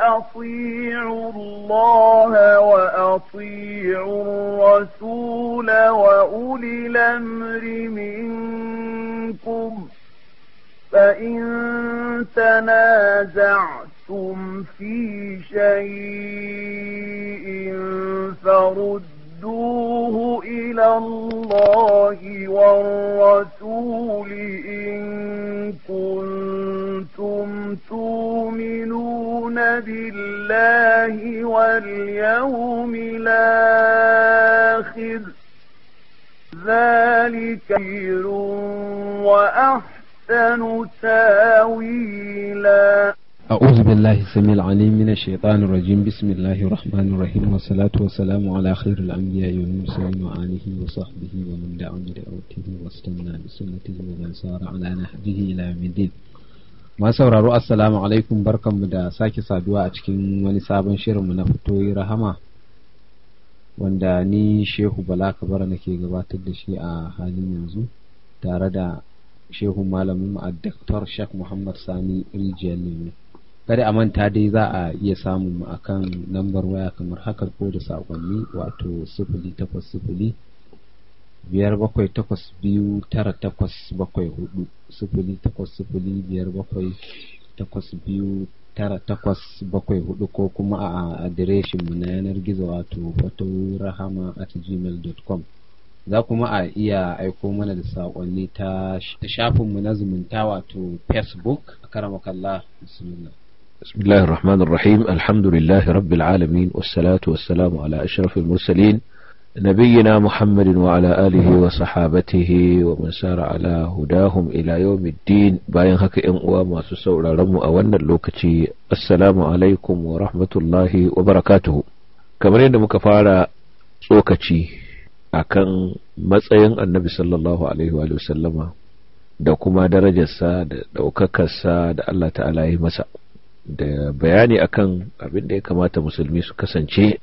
أطيعوا الله وأطيعوا الرسول وأولي الأمر منكم فإن تنازعتم في شيء فردوه إلى الله والرسول إن كنتم كنتم تؤمنون بالله واليوم الآخر ذلك خير وأحسن تاويلا أعوذ بالله السميع العليم من الشيطان الرجيم بسم الله الرحمن الرحيم والصلاة والسلام على خير الأنبياء والمرسلين وآله وصحبه ومن دعا بدعوته واستنى بسنته ومن سار على نهجه إلى يوم الدين masu sauraro assalamu alaikum barkanmu da sake saduwa a cikin wani sabon shirinmu na fitoyi rahama wanda ni shehu bala kabara nake gabatar da shi a halin yanzu tare da shehu malamin a daktar shek muhammad sani rijiyar ne kada a manta dai za a iya samun mu akan lambar waya kamar haka ko da sakonni wato sifili takwas sifili biyar bakwai takwas biyu tara takwas bakwai hudu sufuli takwas sufuli biyar bakwai takwas biyu tara takwas bakwai hudu ko kuma a adireshinmu na yanar gizo wato fatorahama at gmail.com za kuma a iya aiko mana da saƙonni ta shafinmu na zumunta wato facebook a karan karamakalla bismillah بسم الله الرحمن الرحيم الحمد لله رب العالمين والصلاة والسلام على أشرف المرسلين نبينا محمد وعلى آله وصحابته ومن سار على هداهم إلى يوم الدين باين هكا إن وما سسورا رمو أولنا اللوكتي السلام عليكم ورحمة الله وبركاته كما مكفارة tsokaci a kan matsayin annabi sallallahu alaihi wa sallama da kuma darajarsa da ɗaukakarsa da Allah ta'ala yi masa da bayani akan abin da ya kamata musulmi su kasance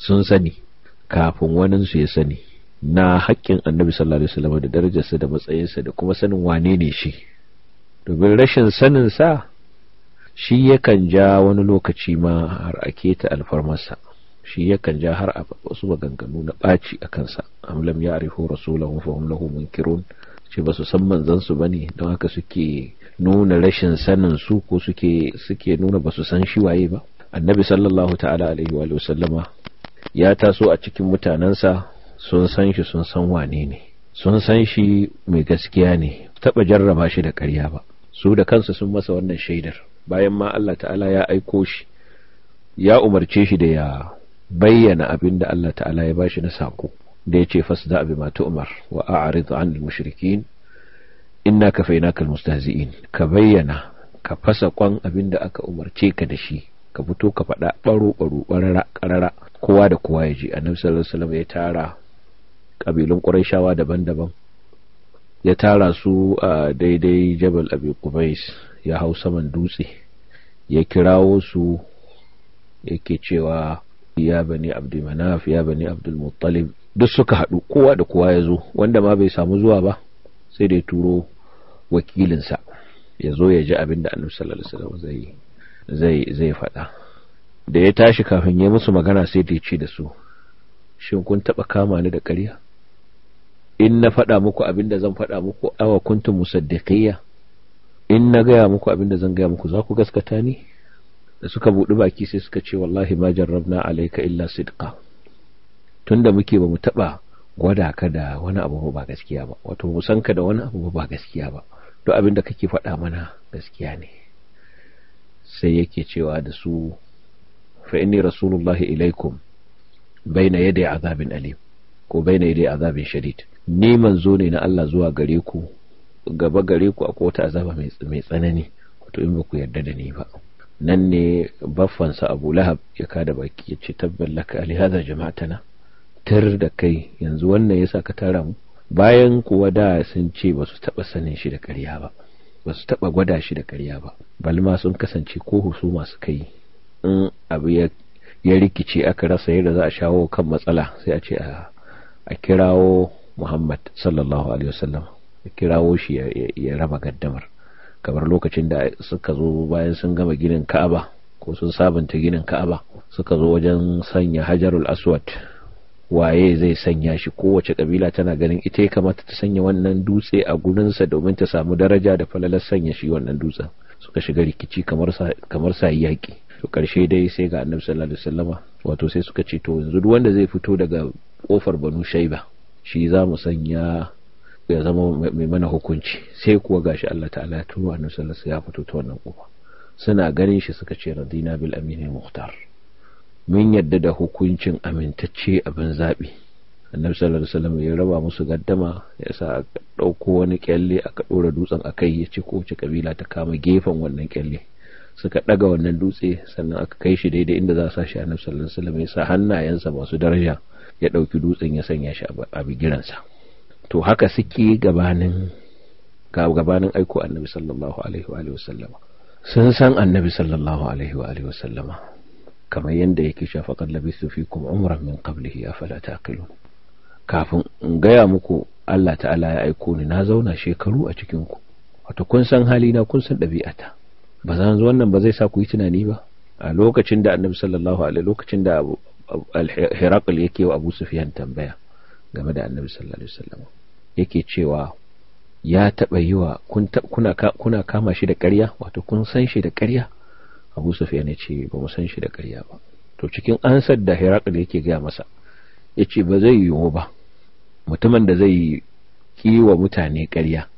sun sani kafin waninsu ya sani na haƙƙin annabi sallallahu alaihi wasallam da darajarsa da matsayinsa da kuma sanin wane ne shi domin rashin sanin sa shi yakan ja wani lokaci ma har a keta alfarmarsa shi yakan ja har a wasu maganganu na ɓaci a kansa amlam ya arifu rasulahu fa hum lahu munkirun ce ba su san manzon su bane don haka suke nuna rashin sanin su ko suke suke nuna ba su san shi waye ba annabi sallallahu ta'ala alaihi wa sallama ya taso a cikin mutanensa sun san shi sun san wane ne sun san shi mai gaskiya ne taba jarraba shi da ƙarya ba su da kansu sun masa wannan shaidar bayan ma Allah ta'ala ya aiko shi ya umarce shi da ya bayyana abin da Allah ta'ala ya bashi na sako da ya ce fasda abi ma tu'mar wa a'rid 'anil mushrikin inna kafainaka almustahzi'in ka bayyana ka fasa kwan abin da aka umarce ka da shi ka fito ka faɗa ɓaro ɓaro ƙarara kowa da kowa ya ji annabi sallallahu alaihi salam ya tara kabilun qurayshawa daban-daban ya tara su a daidai jabal abi qubais ya hau saman dutse ya kirawo su yake cewa ya bani abdul manaf ya bani abdul muttalib duk suka haɗu kowa da kowa ya zo wanda ma bai samu zuwa ba sai da ya turo wakilinsa ya zo ya ji abin da annabi sallallahu alaihi zai zai zai faɗa da ya tashi kafin ya musu magana sai da ya ce da su shin kun taɓa kama ni da ƙarya in na faɗa muku abin da zan faɗa muku awa kuntum musaddiqiyya in na gaya muku abin da zan gaya muku za ku gaskata ni da suka buɗi baki sai suka ce wallahi ma jarrabna alayka illa sidqa tunda muke ba mu taɓa gwada ka da wani abu ba gaskiya ba wato mu san ka da wani abu ba gaskiya ba duk abin da kake faɗa mana gaskiya ne sai yake cewa da su fa inni rasulullahi ilaikum baina yadai azabin alim ko baina yadai azabin shadid ni manzo ne na Allah zuwa gare ku gaba gare ku akwai wata azaba mai tsanani wato in ba ku yarda da ni ba nan ne baffansa Abu Lahab ya kada baki ya ce tabballaka ali hadha jama'atana tar da kai yanzu wannan yasa ka tara mu bayan kuwa da sun ce ba su taɓa sanin shi da ƙarya ba ba su taba gwada shi da ƙarya ba balma sun kasance ko husu masu kai. in abu ya rikice aka rasa yadda za a shawo kan matsala sai a ce a kirawo muhammad sallallahu alaihi wasallam a kirawo shi ya raba gaddamar kamar lokacin da suka zo bayan sun gama ginin ka'aba ko sun sabunta ginin ka'aba suka zo wajen sanya hajarul aswad waye zai sanya shi kowace kabila tana ganin ita ya kamata ta sanya wannan dutse a gurinsa domin ta samu daraja da falalar sanya shi wannan dutsen suka shiga rikici kamar sa yaƙi. to karshe dai sai ga annabi sallallahu alaihi wasallama wato sai suka ce to yanzu duk wanda zai fito daga kofar banu shaiba shi za mu sanya ya zama mai mana hukunci sai kuwa gashi Allah ta'ala ya turo annabi sallallahu alaihi ya fito ta wannan kofa suna ganin shi suka ce radina bil amin muhtar mun yadda da hukuncin amintacce abin zabi annabi sallallahu alaihi wasallam ya raba musu gaddama ya sa dauko wani kyalle aka dora dutsen akai ya ce ko wace kabila ta kama gefen wannan kyalle suka ɗaga wannan dutse sannan aka kai shi daidai inda za a sashi a nafsar sallallahu sa hannayensa masu daraja ya ɗauki dutsen ya sanya shi a bigiransa to haka suke gabanin gabanin aiko annabi sallallahu alaihi wa alihi wasallama sun san annabi sallallahu alaihi wa alihi wasallama kamar yadda yake shafa kallabi su fi kuma umran min qablihi afala taqilun kafin in gaya muku Allah ta'ala ya aiko ni na zauna shekaru a cikin ku wato kun san halina kun san ɗabi'ata ba zan wannan ba zai sa ku yi tunani ba a lokacin da annabi sallallahu alaihi lokacin da al-hiraql yake wa abu sufyan tambaya game da annabi sallallahu alaihi wasallam yake cewa ya taba yi wa kuna kuna kama shi da ƙarya wato kun san shi da ƙarya abu sufyan ya ce ba mu san shi da ƙarya ba to cikin ansar da hiraql yake gaya masa yace ba zai yi ba mutumin da zai yi wa mutane ƙarya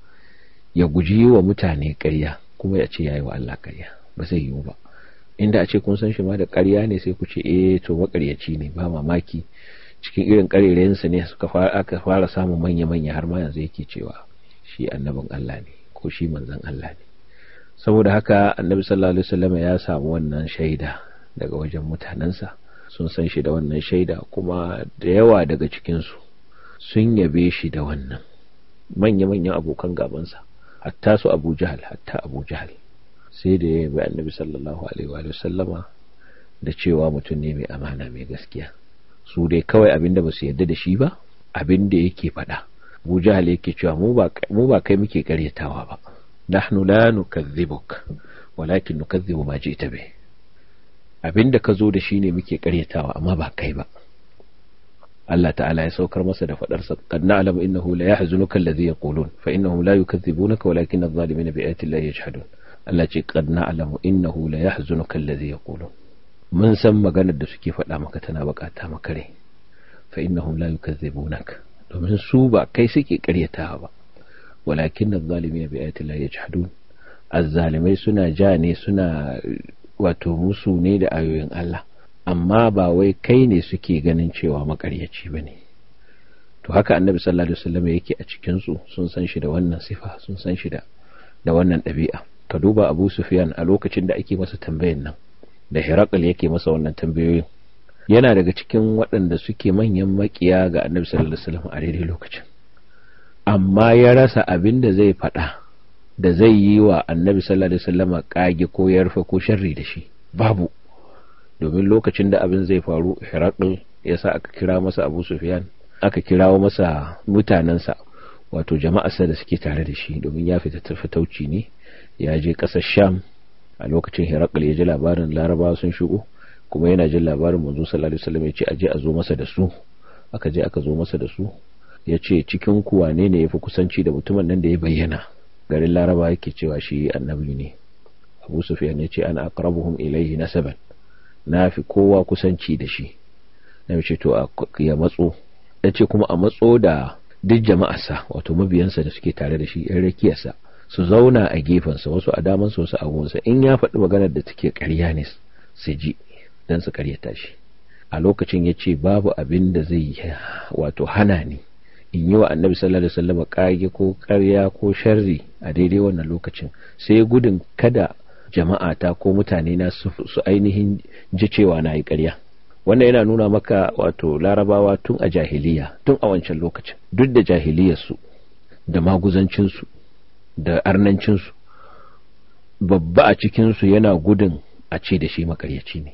ya guji yi wa mutane ƙarya kuma ya ce yi wa Allah ƙarya ba zai yiwu ba inda a ce kun san shi ma da ƙarya ne sai ku ce eh to maƙaryaci ne ba mamaki cikin irin sa ne suka fara aka fara samun manya-manya har ma yanzu yake cewa shi annabin Allah ne ko shi manzon Allah ne saboda haka annabi sallallahu alaihi wasallam ya samu wannan shaida daga wajen mutanensa sun san shi da wannan shaida kuma da yawa daga cikinsu sun yabe shi da wannan manya-manyan abokan gabansa hatta su abu jahal hatta abu jahal sai da ya bi annabi sallallahu alaihi wa sallama da cewa mutum ne mai amana mai gaskiya su dai kawai abinda ba su yarda da shi ba abin abinda yake faɗa abu jahal yake cewa mu ba kai muke karyatawa ba nahnu la nukadhibuk walakin nukadhibu ma ji'ta Abin da ka zo da shi ne muke karyatawa amma ba kai ba Allah ta'ala ya saukar masa da fadarsa qad na'lamu innahu la yahzunuka alladhi yaqulun fa innahum la yukadhibunaka walakin adh-dhalimina bi ayati llahi yajhadun Allah ce qad na'lamu innahu la yahzunuka alladhi yaqulun mun san maganar da suke faɗa maka tana bakata maka rai fa innahum la yukadhibunaka domin su ba kai suke ƙaryatawa ba walakin adh-dhalimina bi ayati llahi yajhadun azzalimai suna ja ne suna wato musu ne da ayoyin Allah amma ba wai kai ne suke ganin cewa makaryaci ba ne to haka annabi sallallahu alaihi wasallam yake a cikinsu sun san shi da wannan sifa sun san shi da da wannan ɗabi'a ka duba abu sufyan a lokacin da ake masa tambayan nan da hirakal yake masa wannan tambayoyin yana daga cikin waɗanda suke manyan makiya ga annabi sallallahu alaihi wasallam a daidai lokacin amma ya rasa abin da zai faɗa da zai yi wa annabi sallallahu alaihi wasallam kage ko yarfa ko sharri da shi babu domin lokacin da abin zai faru hirakul ya sa aka kira masa abu sufiyan aka kirawo masa mutanensa wato jama'arsa da suke tare da shi domin ya fita fitauci ne ya je ƙasar sham a lokacin hirakul ya ji labarin larabawa sun shigo kuma yana jin labarin manzo sallallahu alaihi wasallam ya ce aje a zo masa da su aka je aka zo masa da su ya ce cikin ku wane ne yafi kusanci da mutumin nan da ya bayyana garin laraba yake cewa shi annabi ne abu sufiyan ya ce ana aqrabuhum ilayhi nasaban na fi kowa kusanci da shi na ce to ya matso ya ce kuma a matso da duk jama'arsa wato mabiyansa da suke tare da shi yan rakiyarsa su zauna a gefensa wasu a daman su wasu a in ya faɗi maganar da take karya ne su ji don su ƙaryata shi a lokacin ya ce babu abin da zai wato hana ni in yi wa annabi sallallahu alaihi wasallam ƙage ko ƙarya ko sharri a daidai wannan lokacin sai gudun kada jama'a ta ko mutane na su ainihin ji cewa na yi ƙarya wannan yana nuna maka wato larabawa tun a jahiliya tun a wancan lokacin duk da su da maguzancinsu da arnancinsu babba a cikinsu yana gudun a ce da shi makaryaci ne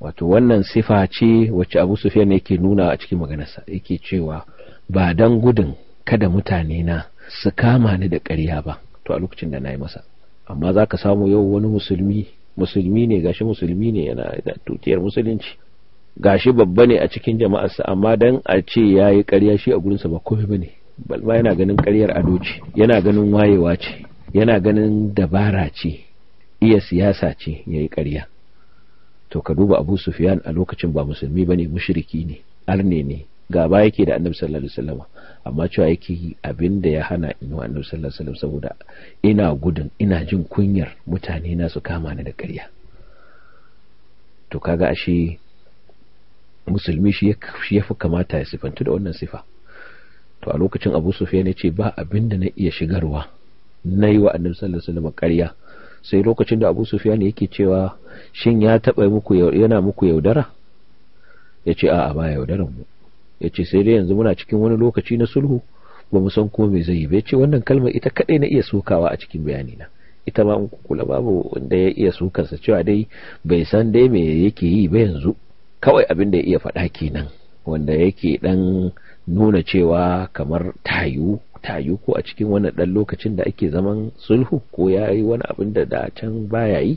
wato wannan sifa ce wacce abu sufiyan yake nuna a cikin maganarsa yake cewa ba dan gudun kada mutane na su kama ni da karya ba to a lokacin da na yi masa amma za ka samu yau wani musulmi musulmi ne gashi musulmi ne yana da tutiyar musulunci gashi babba ne a cikin jama'arsa amma dan a ce ya yi ƙarya shi a gurinsa ba komai ba ne balma yana ganin karyar ado ce yana ganin wayewa ce yana ganin dabara ce iya siyasa ce ya yi ƙarya to ka duba abu sufiyan a lokacin ba musulmi ba ne mushriki ne arne ne gaba yake da annabi sallallahu alaihi wasallam amma cewa yake yi abin da ya hana in yi wa annabi sallallahu alaihi saboda ina gudun ina jin kunyar mutane na su kama ni da karya to kaga ashe musulmi shi ya fi kamata ya sifantu da wannan sifa to a lokacin abu sufiyan ya ce ba abin da na iya shigarwa na yi wa annabi sallallahu alaihi wasallam karya sai lokacin da abu sufiyan yake cewa shin ya taɓa muku yana muku yaudara ya ce a'a ba yaudaran mu ya ce sai dai yanzu muna cikin wani lokaci na sulhu ba mu san ko me zai yi ba ya ce wannan kalmar ita kadai na iya sokawa a cikin bayani na ita ma in kula babu wanda ya iya sokarsa cewa dai bai san dai me yake yi ba yanzu kawai abin da ya iya faɗa kenan wanda yake dan nuna cewa kamar tayu tayu ko a cikin wannan dan lokacin da ake zaman sulhu ko ya yi wani abin da da can baya yi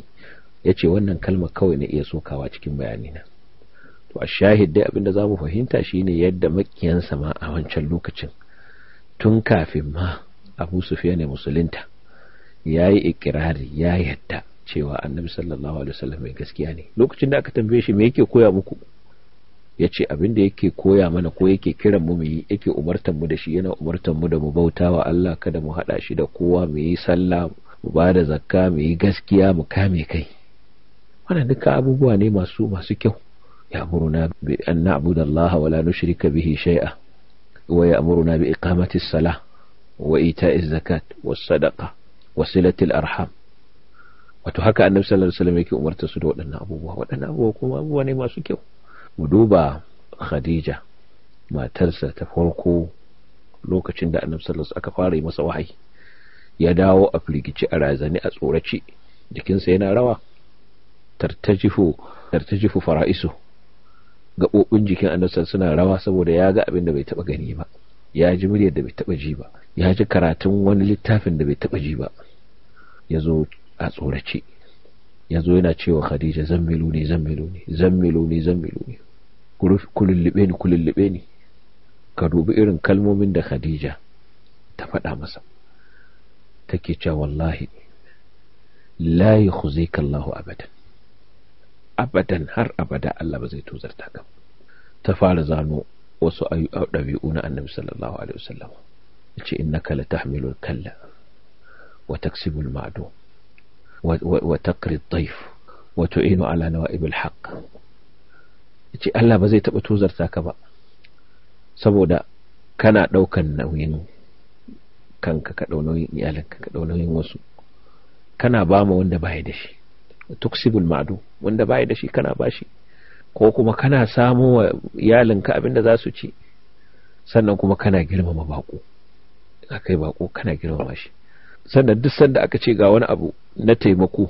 yace wannan kalmar kawai na iya sokawa cikin bayani na to a shahid dai abinda za mu fahimta shine yadda makiyansa ma a wancan lokacin tun kafin ma abu sufiya ne musulunta ya yi ikirari ya yadda cewa annabi sallallahu alaihi wasallam mai gaskiya ne lokacin da aka tambaye shi me yake koya muku ya ce abin yake koya mana ko yake kiran mu yi yake umartan mu da shi yana umartan mu da mu bauta wa Allah kada mu hada shi da kowa mu yi sallah mu ba da zakka mu yi gaskiya mu kame kai wannan duka abubuwa ne masu masu kyau يأمرنا بأن نعبد الله ولا نشرك به شيئا ويأمرنا بإقامة الصلاة وإيتاء الزكاة والصدقة وصلة الأرحام وتحكى أن النبي صلى الله عليه وسلم يكي أمر تسود وأن أبوه وأن أبوه وأن أبوه وأن سكيه ودوبا خديجة ما ترسى تفولكو لوكا شندا النبي صلى الله عليه وسلم أكفاري مسوحي يداو أبلغيشي أرازاني أسورتشي لكن سينا روا ترتجف ترتجف فرائسه gaɓoɓin jikin annabi suna rawa saboda ya ga abin da bai taɓa gani ba ya ji muryar da bai taɓa ji ba ya ji karatun wani littafin da bai taɓa ji ba ya zo a tsorace ya zo yana cewa khadija zan zammilu ne zammilu ne zammilu ne zammilu ne kulullube ni kulullube ni ka dubi irin kalmomin da khadija ta faɗa masa take cewa wallahi la yukhzika Allahu abadan abadan har abada Allah ba zai tozarta ka ta fara zano wasu ɗabi'u na annabi sallallahu alaihi wasallam yace innaka latahmilul kalla wa taksibul ma'du wa taqri ad wa tu'inu ala nawa'ibil haqq Allah ba zai taba tozarta ka ba saboda kana ɗaukan nauyin kanka ka dau nauyin iyalanka ka dau nauyin wasu kana ba mu wanda baya da shi tuksibul ma'du wanda bai da shi kana bashi ko kuma kana samo wa iyalinka abin da za su ci sannan kuma kana girmama bako akai bako kana girmama shi sannan duk sanda aka ce ga wani abu na taimako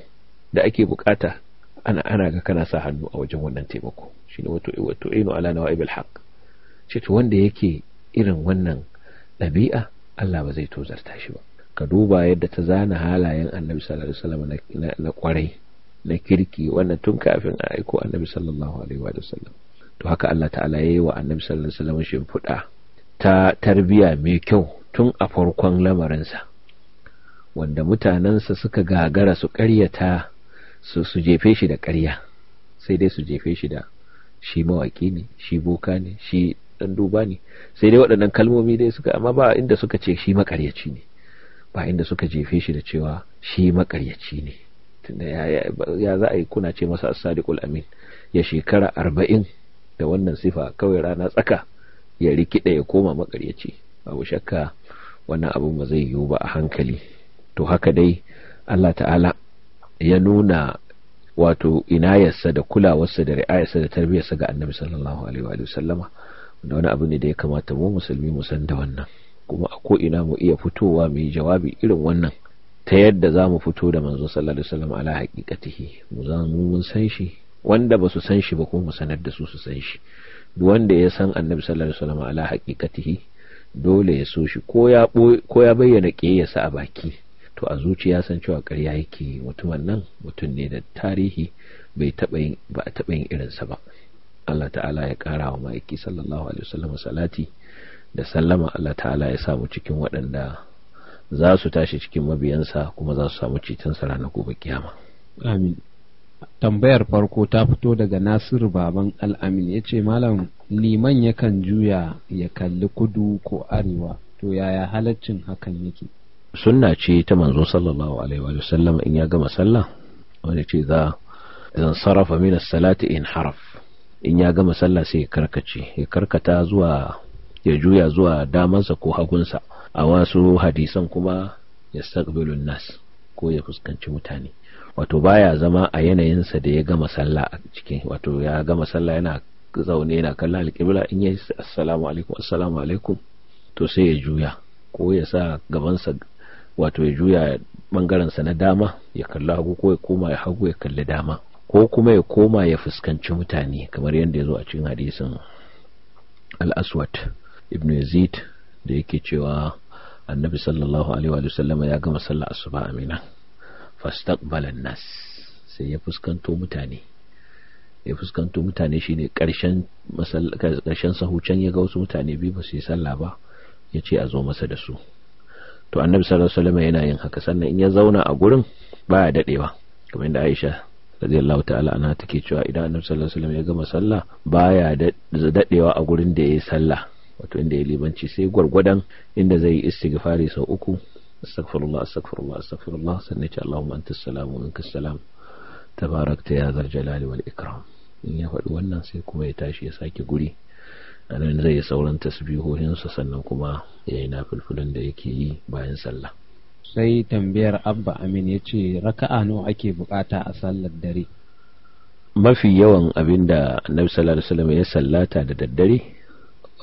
da ake bukata ana ana ga kana sa hannu a wajen wannan taimako shine wato wato inu ala nawaib haq ce to wanda yake irin wannan ɗabi'a Allah ba zai tozarta shi ba ka duba yadda ta zana halayen annabi sallallahu alaihi wasallam na kwarai na kirki wannan tun kafin a aiko annabi sallallahu alaihi wa sallam to haka Allah ta'ala ya yi wa annabi sallallahu alaihi wa sallam shimfiɗa ta tarbiya mai kyau tun a farkon lamarinsa wanda mutanensa suka gagara su ƙaryata su su jefe shi da ƙarya sai dai su jefe shi da shi mawaƙi ne shi boka ne shi ɗan duba ne sai dai waɗannan kalmomi dai suka amma ba inda suka ce shi maƙaryaci ne ba inda suka jefe shi da cewa shi maƙaryaci ne ya za a yi kuna ce masa as-sadiqul amin ya shekara arba'in da wannan sifa kawai rana tsaka ya rikida ya koma makaryaci abu shakka wannan abin ba zai yiwu ba a hankali to haka dai Allah ta'ala ya nuna wato inayarsa da kulawarsa da ri'ayarsa da tarbiyarsa ga annabi sallallahu alaihi wa sallama da wani abu ne da ya kamata mu musulmi mu san da wannan kuma a ko ina mu iya fitowa mai jawabi irin wannan ta yadda za mu fito da manzo sallallahu alaihi wasallam ala haqiqatihi mu za mu mun san shi wanda ba su san shi ba kuma mu sanar da su su san shi duk wanda ya san annabi sallallahu alaihi wasallam ala haqiqatihi dole ya so shi ko ya ko ya bayyana a baki to a zuciya san cewa ƙarya yake mutumin nan mutum ne da tarihi bai taɓa yin ba a taɓa yin irinsa ba Allah ta'ala ya kara wa ma'aiki sallallahu alaihi wasallam salati da sallama Allah ta'ala ya samu cikin waɗanda za su tashi cikin mabiyansa kuma za su samu sa ranar gobe kiyama amin tambayar farko ta fito daga nasir baban al'amin ya ce malam liman yakan juya ya kalli kudu ko arewa to yaya halaccin hakan yake sunna ce ta manzo sallallahu alaihi wa sallam in ya gama sallah wanda ce za idan sarrafa min salati in haraf in ya gama sallah sai ya karkace ya karkata zuwa ya juya zuwa damansa ko hagunsa a wasu hadisan kuma ya staqbilun nas ko ya fuskanci mutane wato baya zama a yanayinsa da ya gama sallah a cikin wato ya gama sallah yana zaune yana kallon alƙibla in ya assalamu alaikum assalamu alaikum to sai ya juya ko ya sa gabansa wato ya juya bangarensa na dama ya kalli hagu ko ya koma ya hagu ya kalli dama ko kuma ya koma ya fuskanci mutane kamar yadda ya zo a cikin hadisin al-aswad ibn yazid da yake cewa annabi sallallahu alaihi wa ya gama sallar asuba amina fastaqbalan nas sai ya fuskanto mutane ya fuskanto mutane shine karshen karshen sahucan ya ga wasu mutane biyu ba su yi sallah ba ya ce a zo masa da su to annabi sallallahu alaihi wasallam yana yin haka sannan in ya zauna a gurin baya dadewa kamar yadda Aisha radiyallahu ta'ala anha take cewa idan annabi sallallahu alaihi wasallam ya gama sallah baya dadewa a gurin da yayi sallah wato inda ya libanci sai gwargwadon inda zai yi istighfari sau uku astaghfirullah astaghfirullah astaghfirullah sannan ce Allahumma anta salamu minka salam tabarakta ya zal jalali wal ikram in ya faɗi wannan sai kuma ya tashi ya sake guri anan zai yi sauran sa sannan kuma ya yi nafilfilin da yake yi bayan sallah sai tambayar abba amin ya ce raka'a nawa ake bukata a sallar dare mafi yawan abin da annabi sallallahu alaihi wasallam ya sallata da daddare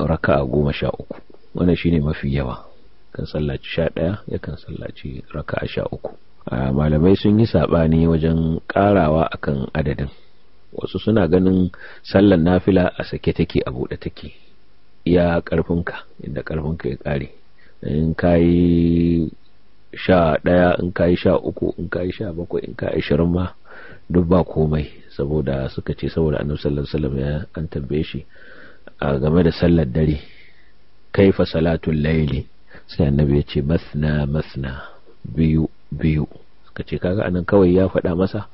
raka'a goma sha uku wannan shine mafi yawa kan sallaci sha ɗaya yakan sallaci raka'a sha uku malamai sun yi saɓani wajen ƙarawa akan adadin wasu suna ganin sallan nafila a sake take a buɗe take iya ƙarfinka inda ƙarfinka ya ƙare in ka yi sha ɗaya in ka yi sha uku in ka yi sha bakwai in ka yi ashirin ma duk ba komai saboda suka ce saboda annabi sallallahu alaihi wasallam ya an tambaye shi a game da sallar dare kaifa salatul laili sai annabi ya ce masna masna biyu biyu ka ce kaga anan kawai ya faɗa masa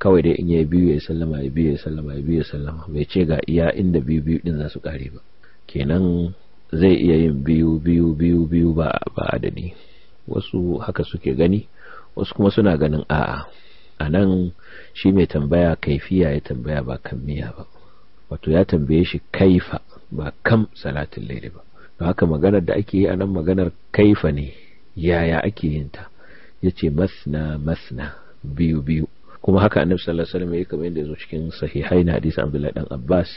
kawai dai in ya biyu ya sallama ya biyu ya sallama ya biyu ya sallama bai ce ga iya inda biyu biyu din za su kare ba kenan zai iya yin biyu biyu biyu biyu ba ba adadi wasu haka suke gani wasu kuma suna ganin a'a anan shi mai tambaya kaifiya ya tambaya ba kammiya ba wato ya tambaye shi kaifa ba kam salatin laili ba don haka maganar da ake yi a nan maganar kaifa ne yaya ake yin ta ya ce masna masna biyu biyu kuma haka annabi sallallahu alaihi wasallam ya kamar yadda ya zo cikin sahihai na hadisi abdullahi dan abbas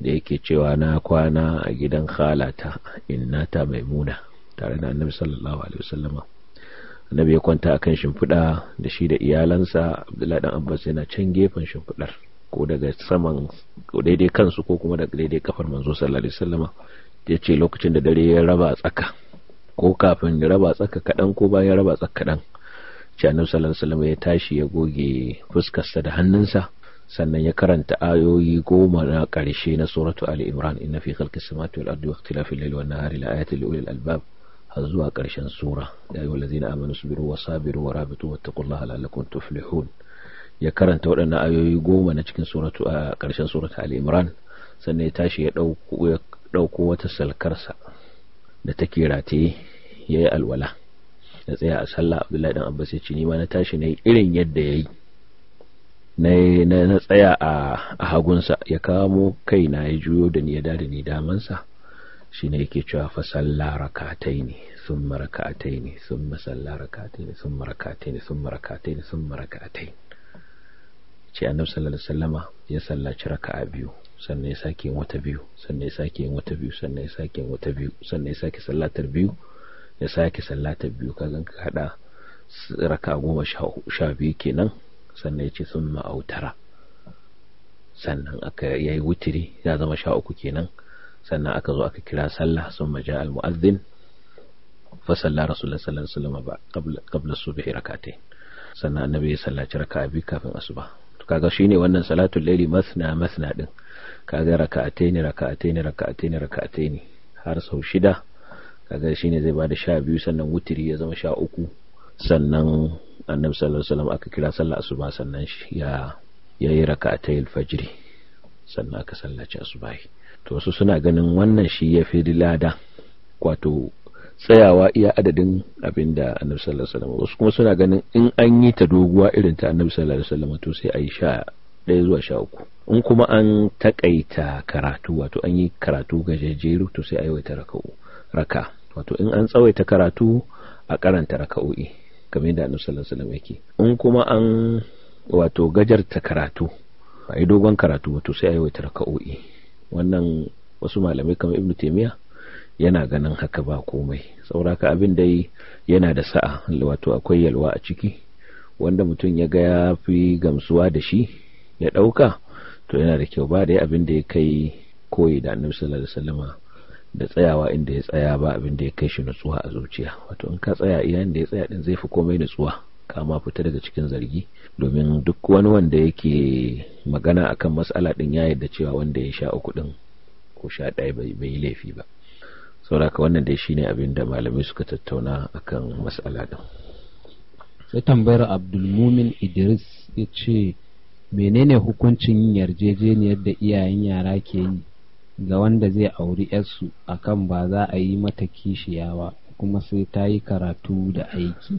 da yake cewa na kwana a gidan khalata innata maimuna tare da annabi sallallahu alaihi wasallama annabi ya kwanta akan shimfiɗa da shi da iyalansa abdullahi dan abbas yana can gefen shimfiɗar ko daga saman daidai kansu ko kuma daga daidai kafar manzo sallallahu alaihi wasallama ya ce lokacin da dare ya raba tsaka ko kafin ya raba tsaka kaɗan ko bayan raba tsaka kaɗan ce annabi sallallahu alaihi ya tashi ya goge fuskarsa da hannunsa sannan ya karanta ayoyi goma na ƙarshe na suratu ali imran inna fi khalqi samawati wal ardi wa ikhtilafil layli wan nahari la ayatin li ulil albab har zuwa ƙarshen sura ya ayyuhallazina amanu sabiru wasabiru warabitu wattaqullaha la'allakum tuflihun ya karanta waɗannan ayoyi goma na cikin suratu a ƙarshen suratu ali imran sannan ya tashi ya ɗauko wata salkarsa da take rataye ya yi alwala ya tsaya a sallah abdullahi dan abbas ya ce ni ma na tashi na irin yadda ya yi na tsaya a hagunsa ya kamo kai na ya juyo da ni ya da ni damansa shi ne yake cewa fa salla rakatai ne sun marakatai ne sun mara rakatai ne sun marakatai ne sun marakatai ne sun marakatai ce annabi sallallahu alaihi wasallama ya sallaci raka'a biyu sannan ya sake yin wata biyu sannan ya sake yin wata biyu sannan ya sake yin wata biyu sannan ya sake sallatar biyu ya sake sallatar biyu ka ganka hada raka'a goma sha biyu kenan sannan ya ce sun ma'autara sannan aka yayi wutiri ya zama sha uku kenan sannan aka zo aka kira sallah sun maja al-mu'azzin fa salla rasulullah sallallahu alaihi wasallam ba qabla qabla subhi rak'atayn sannan annabi ya sallaci raka'a biyu kafin asuba kaga shine wannan salatul laili masna masna din kaga raka'ataini raka'ataini raka'ataini ne har sau shida kaga ne zai bada sha biyu sannan wutiri ya zama sha uku sannan annabi sallallahu alaihi wasallam aka kira sallar asuba sannan ya yayi raka'atayil alfajiri sannan aka sallaci asubahi to su suna ganin wannan shi ya fi lada wato tsayawa iya adadin abin da annabi sallallahu alaihi wasallam wasu kuma suna ganin in an yi ta doguwa irin ta annabi sallallahu alaihi wasallam to sai a yi sha ɗaya zuwa sha uku in kuma an takaita karatu wato an yi karatu gajejeru to sai a yawaita raka'u raka wato in an tsawaita karatu a karanta raka'o'i kamar yadda annabi sallallahu alaihi wasallam yake in kuma an wato gajarta karatu a yi dogon karatu wato sai a yawaita raka'o'i wannan wasu malamai kamar ibnu taymiya yana ganin haka ba komai sauraka abin dai yana da sa'a wato akwai yalwa a ciki wanda mutum ya ga ya fi gamsuwa da shi ya ɗauka to yana da kyau ba da abin da ya kai koyi da annabi sallallahu alaihi wasallama da tsayawa inda ya tsaya ba abin da ya kai shi nutsuwa a zuciya wato in ka tsaya iya da ya tsaya din zai fi komai nutsuwa kama fita daga cikin zargi domin duk wani wanda yake magana akan matsala din ya yarda cewa wanda ya sha uku din ko sha ɗaya bai yi laifi ba sauraka wannan dai shine abin da malamai suka tattauna akan mas'ala din sai tambayar abdulmumin idris ya ce menene hukuncin yin yarjejeniyar da iyayen yara ke yi ga wanda zai auri su akan ba za a yi mata kishiya ba kuma sai ta yi karatu da aiki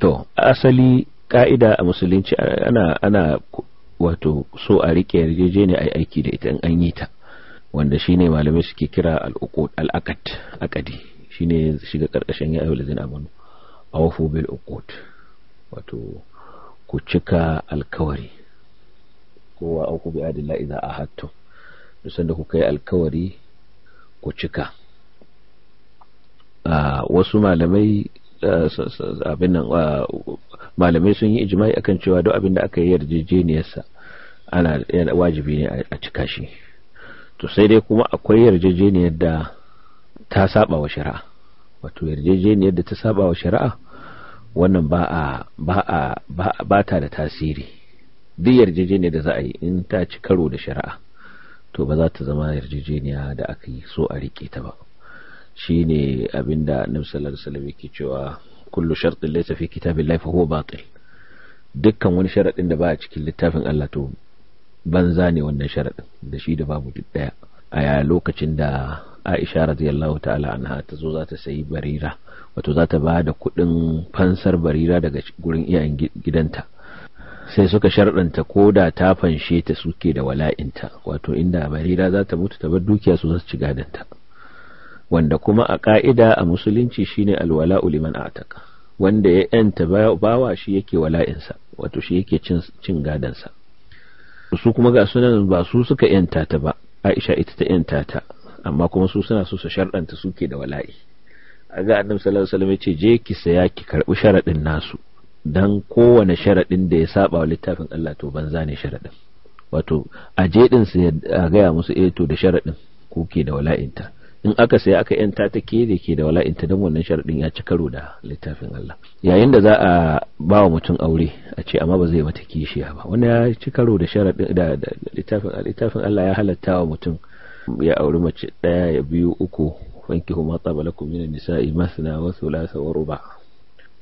to asali ka'ida a musulunci ana ana wato so a rike yarjejeniyar a aiki da ita in an yi ta wanda shi ne malamai suke kira al'akat akadi shi ne shiga karkashin ya zina ladina a wafu bil uqud wato ku cika alkawari kowa auku bi adilla idza ahadtum dusan da kuka yi alkawari ku cika ah, wasu malamai ah, abin nan ah, malamai sun yi ijma'i akan cewa duk abin da aka yi yarjejeniyarsa ana wajibi ne a cika shi to sai dai kuma akwai yarjejeniyar da ta saba wa shari'a wato yarjejeniyar da ta saba wa shari'a wannan ba a ba a ba ta da tasiri duk yarjejeniyar da za a yi in ta ci karo da shari'a to ba za ta zama yarjejeniya da aka yi so a rike ta ba shine abinda na sallallahu alaihi yake cewa kullu shartin laysa fi kitabillahi fa huwa batil dukkan wani sharadin da ba a cikin littafin Allah to banza ne wannan sharaɗin da shi da babu duk ɗaya a lokacin da aisha radiyallahu ta'ala anha ta zo za ta sayi barira wato za ta ba da kuɗin fansar barira daga gurin iyayen gidanta sai suka sharɗanta ko da ta fanshe ta suke da wala'inta wato inda barira za ta mutu ta bar dukiya su za su ci gadanta wanda kuma a ƙa'ida a musulunci shine alwala'u liman ataka wanda ya yanta bawa shi yake wala'insa wato shi yake cin gadansa su kuma ga sunan ba su suka yanta ta ba aisha ita ta yanta ta amma kuma su suna so su sharɗanta suke da wala'i a ga annabi sallallahu alaihi wasallam ce je ki saya ki karɓi sharaɗin nasu dan kowane sharaɗin da ya saba wa littafin Allah to banza ne sharaɗin wato a je din su a gaya musu eh to da sharadin kuke da wala'inta in aka sai aka yanta ta ke da ke da ta don wannan sharaɗin ya ci karo da littafin Allah yayin da za a ba wa mutum aure a ce amma ba zai mata kishiya ba wanda ya ci karo da sharaɗin da littafin Allah ya halatta wa mutum ya auri mace ɗaya ya biyu uku wanki huma tsaba lakum nisa'i masna wa thulatha wa ruba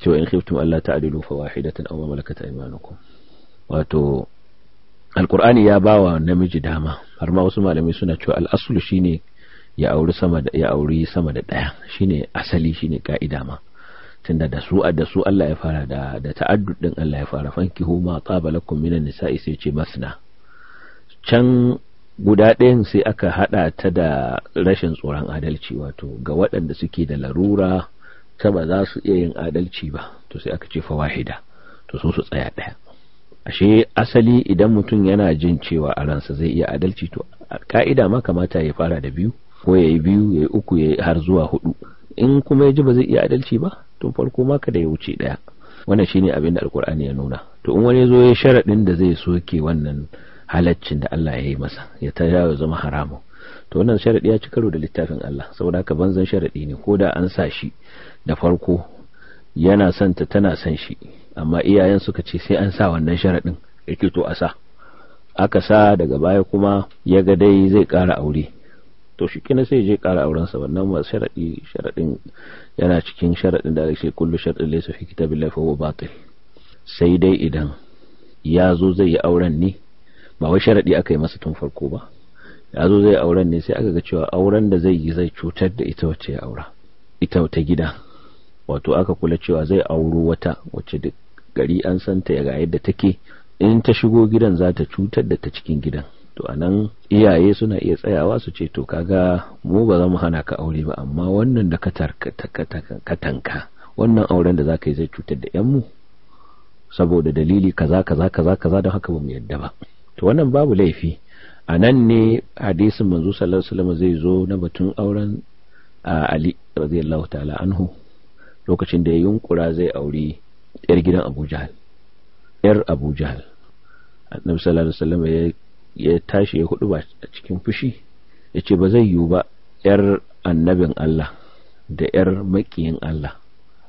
cewa in khiftum Allah ta'dilu fa wahidatan aw ma malakat aymanukum wato alqur'ani ya bawa namiji dama har ma wasu malamai suna cewa al-aslu shine ya auri sama da ya auri sama da daya shine asali shine ka'ida ma tunda da su da su Allah ya fara da da ta'addud din Allah ya fara fanki huma qabalakum minan nisa'i sai ce masna can guda ɗayan sai aka hada ta da rashin tsoron adalci wato ga waɗanda suke da larura ta ba za su iya yin adalci ba to sai aka ce fa wahida to su su tsaya ɗaya ashe asali idan mutum yana jin cewa a zai iya adalci to ka'ida ma kamata ya fara da biyu ko ya yi biyu ya yi uku ya yi har zuwa hudu in kuma ya ji ba zai iya adalci ba tun farko ma ka da ya wuce daya wannan shine abin da alkur'ani ya nuna to in wani zo ya sharadin da zai soke wannan halaccin da Allah ya yi masa ya ta ya zama haramun to wannan sharaɗi ya ci karo da littafin Allah saboda haka banzan sharadi ne ko da an sa shi da farko yana son ta tana son shi amma iyayen suka ce sai an sa wannan sharadin yake to a sa aka sa daga baya kuma ya ga dai zai kara aure to shi kina sai je ƙara auren sa wannan ba sharadi sharadin yana cikin sharadin da ake kullu sharadin laysa fi kitabillahi fa huwa batil sai dai idan ya zo zai yi auren ne ba wai sharadi aka yi masa tun farko ba ya zo zai auren ne sai aka ga cewa auren da zai yi zai cutar da ita wacce ya aura ita wata gida wato aka kula cewa zai auro wata wacce duk gari an santa ya ga yadda take in ta shigo gidan za ta cutar da ta cikin gidan to anan iyaye suna iya tsayawa su ce to kaga mu ba za mu hana ka aure ba amma wannan da ka tanka wannan auren da za ka yi zai cutar da yanmu saboda dalili kaza kaza kaza kaza don haka ba mu yadda ba to wannan babu laifi a nan ne hadisin manzo sallallahu alaihi zai zo na batun auren ali radiyallahu ta'ala anhu lokacin da ya yunkura zai auri yar gidan Abu Jahal yar Abu Jahal annabi sallallahu alaihi wasallam ya ya tashi ya hudu ba a cikin fushi ya ce ba zai yiwu ba ‘yar annabin Allah da ‘yar makiyin Allah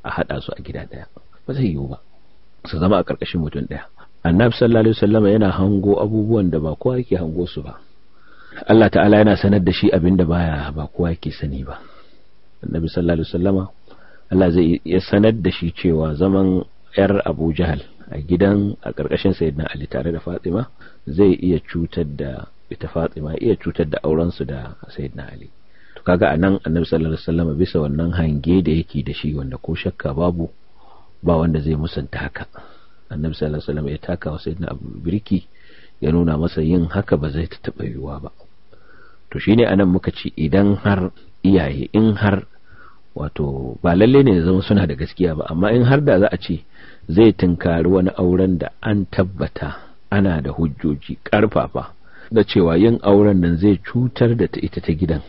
a haɗa su a gida ɗaya ba zai yiwu ba su zama a ƙarƙashin mutum ɗaya annabi sallallahu alaihi wasallam yana hango abubuwan da ba kowa yake hango su ba Allah ta'ala yana sanar da shi abin da baya ba kowa yake sani ba annabi sallallahu alaihi wasallama Allah zai ya sanar da shi cewa zaman ‘yar Abu a gidan a ƙarƙashin Sayyidina Ali tare da Fatima zai iya cutar da ita Fatima iya cutar da auren su da Sayyidina Ali to kaga anan Annabi sallallahu alaihi wasallam bisa wannan hange da yake da shi wanda ko shakka babu ba wanda zai musanta haka Annabi sallallahu alaihi wasallam ya taka wa Sayyidina Abu Birki ya nuna masa yin haka ba zai taɓa yiwuwa ba to shine anan muka ci idan har iyaye in har wato ba lalle ne zama suna da gaskiya ba amma in har da za a ce zai tunkari wani auren da an tabbata ana da hujjoji karfafa da cewa yin auren nan zai cutar da ita ta gidan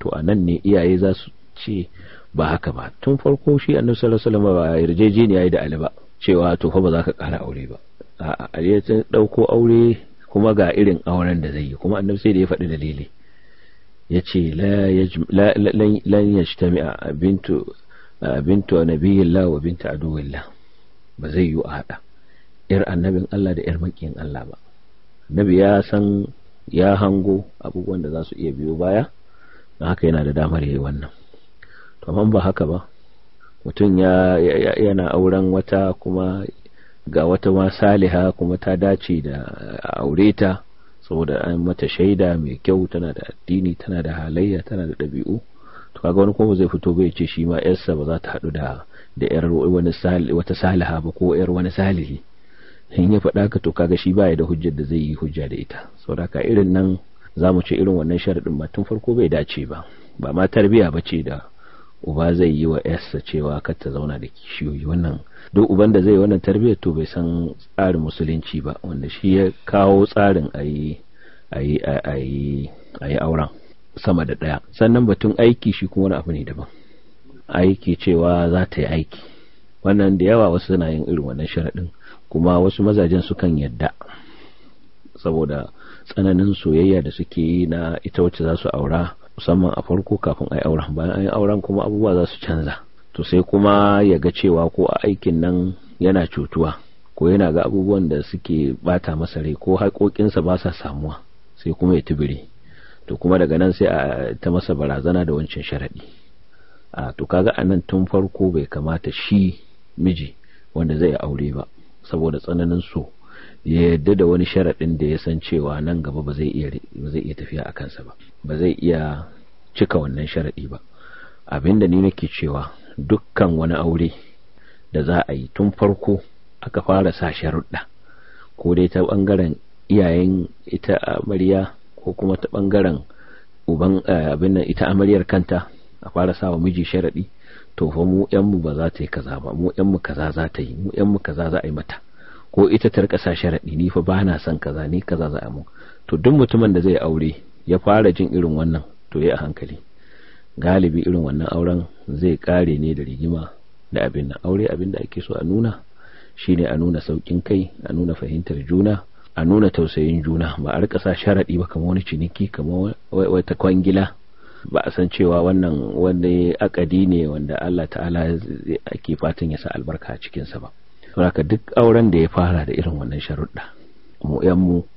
to a nan ne iyaye za su ce ba haka ba tun farko shi annabi sallallahu alaihi wasallam ba yarjejeniya da Ali ba cewa to fa ba za ka kara aure ba a'a Ali ya dauko aure kuma ga irin auren da zai yi kuma annabi sai da ya faɗi dalili ya ce lan yajtami'a bintu bintu nabiyillah wa bintu aduwillah ba zai yi a haɗa 'yar annabin Allah da 'yar makiyin Allah ba annabi ya san ya hango abubuwan da za su iya biyo baya na haka yana da damar yayi wannan to ba haka ba mutum ya yana auren wata kuma ga wata ma saliha kuma ta dace da aure ta saboda an mata shaida mai kyau tana da addini tana da halayya tana da ɗabi'u to kaga wani kuma zai fito bai ce shi ma yarsa ba za ta haɗu da da yar wani wata saliha ba ko yar wani salihi in ya faɗa ka to kaga shi baya da hujjar da zai yi hujja da ita saboda ka irin nan za mu ce irin wannan sharaɗin ba tun farko bai dace ba ba ma tarbiya ba ce da uba zai yi wa yarsa cewa kar ta zauna da kishiyoyi wannan duk uban da zai wannan tarbiyyar to bai san tsarin musulunci ba wanda shi ya kawo tsarin a yi a yi auren sama da ɗaya sannan batun aiki shi kuma wani abu ne daban aiki cewa za ta yi aiki wannan da yawa wasu suna yin irin wannan sharaɗin kuma wasu mazajen sukan yadda saboda tsananin soyayya da suke yi na ita wacce za su aura musamman a farko kafin a yi auren bayan an yi auren kuma abubuwa za su canza to sai kuma ya ga cewa ko a aikin nan yana cutuwa ko yana ga abubuwan da suke bata masa rai ko haƙoƙinsa ba sa samuwa sai kuma ya tubiri to kuma daga nan sai a ta masa barazana da wancan sharaɗi a to kaga anan tun farko bai kamata shi miji wanda zai aure ba saboda tsananin so ya yarda da wani sharaɗin da ya san cewa nan gaba ba zai iya tafiya a kansa ba ba zai iya cika wannan sharaɗi ba abinda ni nake cewa dukkan wani aure da za a yi tun farko aka fara sa sharuɗa ko dai ta ɓangaren iyayen ita amarya ko kuma ta ɓangaren uban eh, abin ita amaryar kanta a fara sawa wa miji sharaɗi to fa mu yan mu ba za ta yi kaza ba mu yan mu kaza za ta yi mu yan mu kaza za a yi mata ko ita ta rika sa sharadi ni fa ba na son kaza ni kaza za a mu to duk mutumin da zai aure ya fara jin irin wannan to ya a hankali galibi irin wannan auren zai kare ne da rigima da abin nan aure abin da ake so a nuna shine a nuna saukin kai a nuna fahimtar juna a nuna tausayin juna ba a rika sa sharadi ba kamar wani ciniki kamar wata kwangila ba a san cewa wannan wani akadi ne wanda Allah ta'ala ake fatan ya sa albarka a cikinsa ba saboda duk auren da ya fara da irin wannan sharuɗa mu yan mu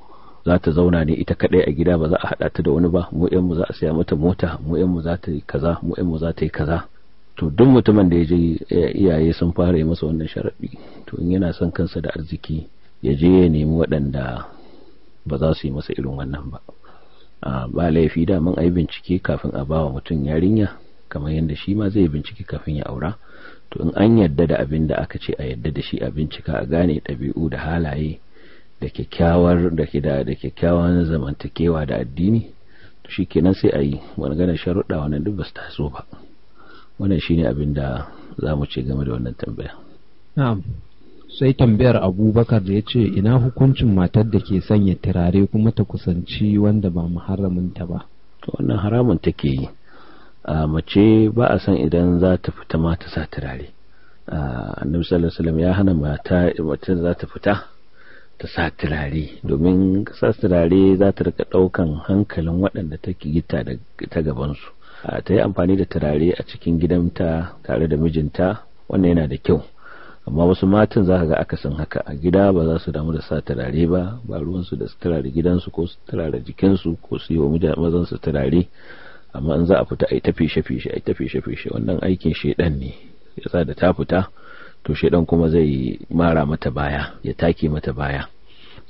za ta zauna ne ita kadai a gida ba za a hada ta da wani ba mu mu za a saya mata mota mu yan mu za ta yi kaza mu mu za ta yi kaza to duk mutumin da ya je iyaye sun fara yi masa wannan sharaɗi to in yana son kansa da arziki ya je ya nemi waɗanda ba za su yi masa irin wannan ba a ba laifi daman a yi bincike kafin a ba wa mutum yarinya kamar yadda shi ma zai bincike kafin ya aura to in an yadda da abin da aka ce a yadda da shi a bincika a gane ɗabi'u da halaye da kyakkyawar da ke da kyakkyawan zamantakewa da addini to shi kenan sai a yi wani gane sharuɗa wannan duk ba su taso ba wannan shine abin da za mu ce game da wannan tambaya na'am sai tambayar abubakar da ya ce ina hukuncin matar da ke sanya turare kuma ta kusanci wanda ba muharraminta ba to wannan haramun take yi a mace ba a san idan za ta fita ma ta sa turare annabi sallallahu alaihi ya hana mata mace za ta fita ta sa turare domin sa turare za ta rika daukan hankalin waɗanda take gita ta gabansu ta yi amfani da turare a cikin gidanta tare da mijinta wannan yana da kyau amma wasu matan za ka ga akasin haka a gida ba za su damu da sa turare ba ba ruwansu da su turare gidansu ko su turare jikinsu ko su yi wa mazan su turare amma in za a fita a yi ta fishe-fishe a yi ta wannan aikin shaidan ne yasa da ta fita to shaidan kuma zai mara mata baya ya take mata baya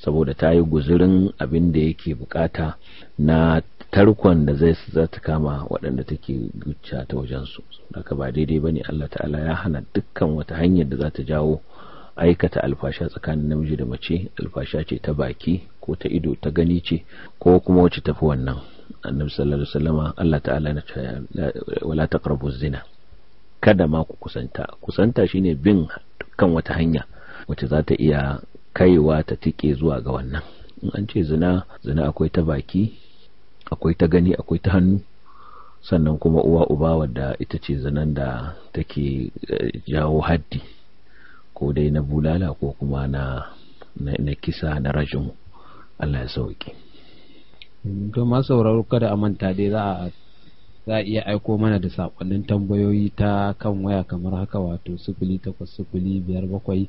saboda ta yi guzurin abin da yake bukata na tarkon da zai ta kama waɗanda take gucca ta wajensu haka ba daidai ba ne Allah ta'ala ya hana dukkan wata hanyar da za ta jawo aikata alfasha tsakanin namiji da mace alfasha ce ta baki ko ta ido ta gani ce ko kuma wacce tafi wannan annabi sallallahu alaihi wasallama Allah ta'ala na wala taqrabu zina kada ma ku kusanta kusanta shine bin dukkan wata hanya wace za ta iya kaiwa ta tike zuwa ga wannan in an ce zina zina akwai ta baki akwai ta gani akwai ta hannu sannan kuma uwa uba wadda ita ce zinan da take eh, jawo haddi ko dai na bulala ko kuma na na kisa na rajin Allah ya sauke domin sauraro kada a manta dai za a za a iya aiko mana da sakonnin tambayoyi ta kan waya kamar haka wato sifili takwas sufuli biyar bakwai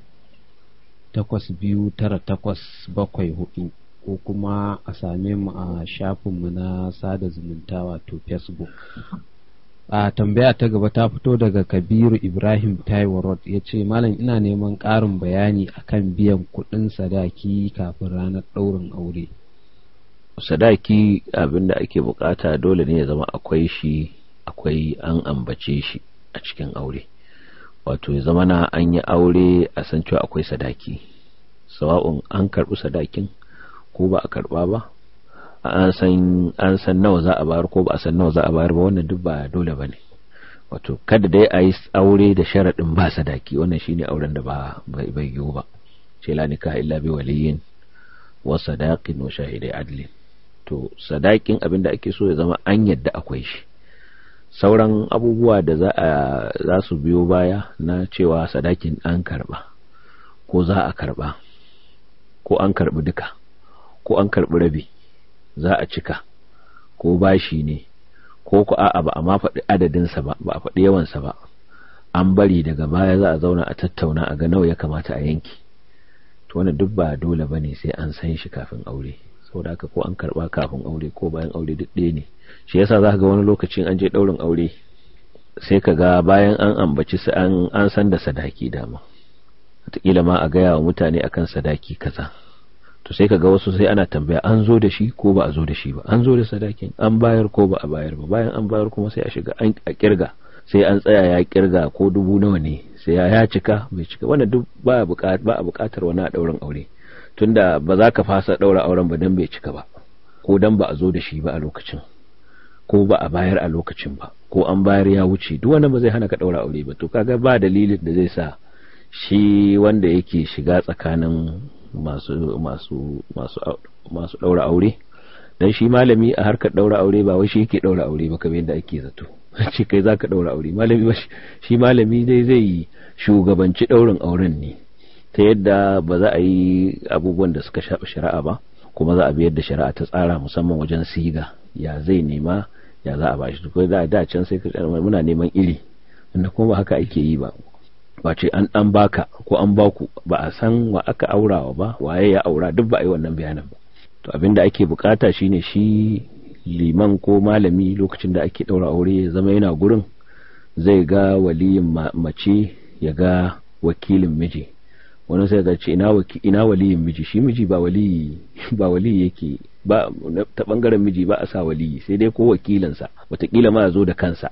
takwas biyu tara takwas bakwai hudu ko kuma a same mu a shafinmu na sada zumunta wato facebook a tambaya ta gaba ta fito daga kabiru ibrahim taiwarod ya ce malam ina neman ƙarin bayani akan biyan kuɗin sadaki kafin ranar ɗaurin aure sadaki abin da ake bukata dole ne ya zama akwai shi akwai an ambace shi a cikin aure wato ya zama na an yi aure a san cewa akwai sadaki sawa'un an karɓi sadakin ko ba a karɓa ba an san nawa za a bayar ko ba a san nawa za a bayar ba wannan duk ba dole ba ne wato kada dai a yi aure da sharaɗin ba sadaki wannan shine auren da ba bai yiwu ba ce la nikah illa bi waliyin wa sadaqin wa shahidai adalin to sadakin abinda ake so ya zama an yadda akwai shi sauran abubuwa da za su biyo baya na cewa sadakin an karba ko za a karba ko an karbi duka ko an karbi rabi za a cika ko bashi ne ko ku a'a ba a ma faɗi adadinsa ba ba a faɗi yawansa ba an bari daga baya za a zauna a tattauna a ga nawa ya kamata a yanki to wannan duk ba dole bane sai an san shi kafin aure saboda haka ko an karba kafin aure ko bayan aure duk ɗaya ne shi yasa za ga wani lokacin an je ɗaurin aure sai ka ga bayan an ambaci su an san da sadaki dama wataƙila ma a gaya wa mutane akan sadaki kaza to sai ka ga wasu sai ana tambaya an zo da shi ko ba a zo da shi ba an zo da sadakin an bayar ko ba a bayar ba bayan an bayar kuma sai a shiga a kirga sai an tsaya ya kirga ko dubu nawa ne sai ya cika bai cika wannan duk ba a buƙatar wani a ɗaurin aure tunda ba za ka fasa ɗaura auren ba don bai cika ba ko don ba a zo da shi ba a lokacin ko ba a bayar a lokacin ba ko an bayar ya wuce duk ba zai hana ka daura aure ba to kaga ba dalilin da zai sa shi wanda yake shiga tsakanin masu masu masu masu daura aure dan shi malami a harkar daura aure ba wai shi yake daura aure ba kamar yadda ake zato ce kai zaka daura aure malami ba shi malami dai zai shugabanci daurin auren ne ta yadda ba za a yi abubuwan da suka shafa shari'a ba kuma za a bi yadda shari'a ta tsara musamman wajen siga ya zai nema ya za a bashi ko da da can sai ka muna neman iri inda kuma ba haka ake yi ba ba ce an dan baka ko an baku ba a san wa aka aurawa ba waye ya aura duk ba a yi wannan bayanin ba to abin da ake bukata shine shi liman ko malami lokacin da ake daura aure ya zama yana gurin zai ga waliyin mace ya ga wakilin miji wani sai ga ce ina waliyin miji shi miji ba waliyi ba waliyi yake ba ta bangaren miji ba a sa waliyi sai dai ko wakilinsa watakila ma zo da kansa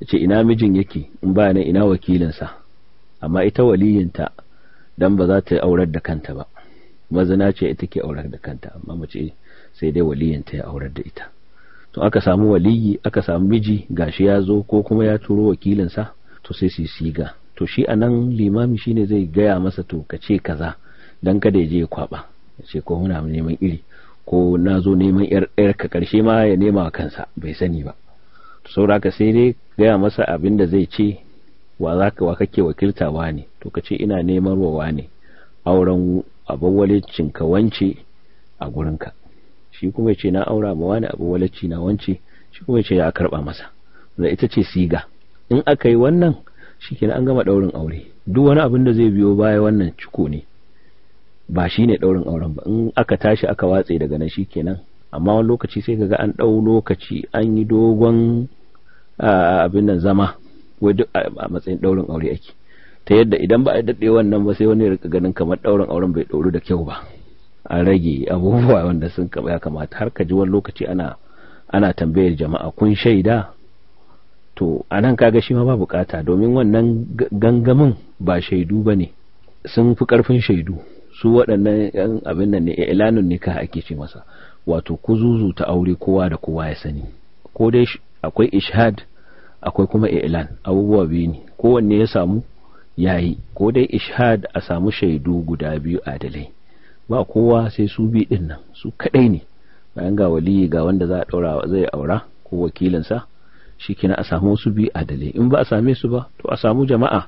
ya ce ina mijin yake in ba nan ina wakilinsa amma ita waliyinta dan ba za ta aurar da kanta ba mazina ce ita ke aurar da kanta amma mace sai dai waliyinta ya aurar da ita to aka samu waliyi aka samu miji gashi ya zo ko kuma ya turo wakilinsa to sai su yi siga to shi a nan limami shine zai gaya masa to ka ce kaza don kada ya je ya kwaba ya ce ko muna neman iri ko na zo neman yar ka karshe ma ya nema wa kansa bai sani ba saura ka sai dai gaya masa abin da zai ce wa za ka wa kake wakiltawa ne to ka ce ina neman wa ne auren abawwalicin ka wance a gurinka shi kuma ce na aura ma wani abawwalicci na wance shi kuma ce ya karba masa zai ita ce siga in aka yi wannan shikenan an gama daurin aure duk wani abin da zai biyo baya wannan ciko ne ba shine daurin auren ba in aka tashi aka watse daga nan shikenan amma wani lokaci sai kaga an dau lokaci an yi dogon abin nan zama wai duk a matsayin daurin aure ake ta yadda idan ba a daɗe wannan ba sai wani rika ganin kamar daurin auren bai dauru da kyau ba a rage abubuwa wanda sun ya kamata har ka ji wani lokaci ana ana tambayar jama'a kun shaida to a nan kaga shi ma ba bukata domin wannan gangamin ba shaidu ba ne sun fi karfin shaidu su waɗannan yan abin nan ne ilanin nika ake ce masa wato kuzuzu ta aure kowa da kowa ya sani ko dai akwai ishad akwai kuma ilan abubuwa biyu ne kowanne ya samu yayi ko dai ishad a samu shaidu guda biyu adalai ba kowa sai su bi din nan su kadai ne bayan ga waliyi ga wanda za a daura zai aura ko wakilinsa kina a samu wasu biyu adalai in ba a same su ba to a samu jama'a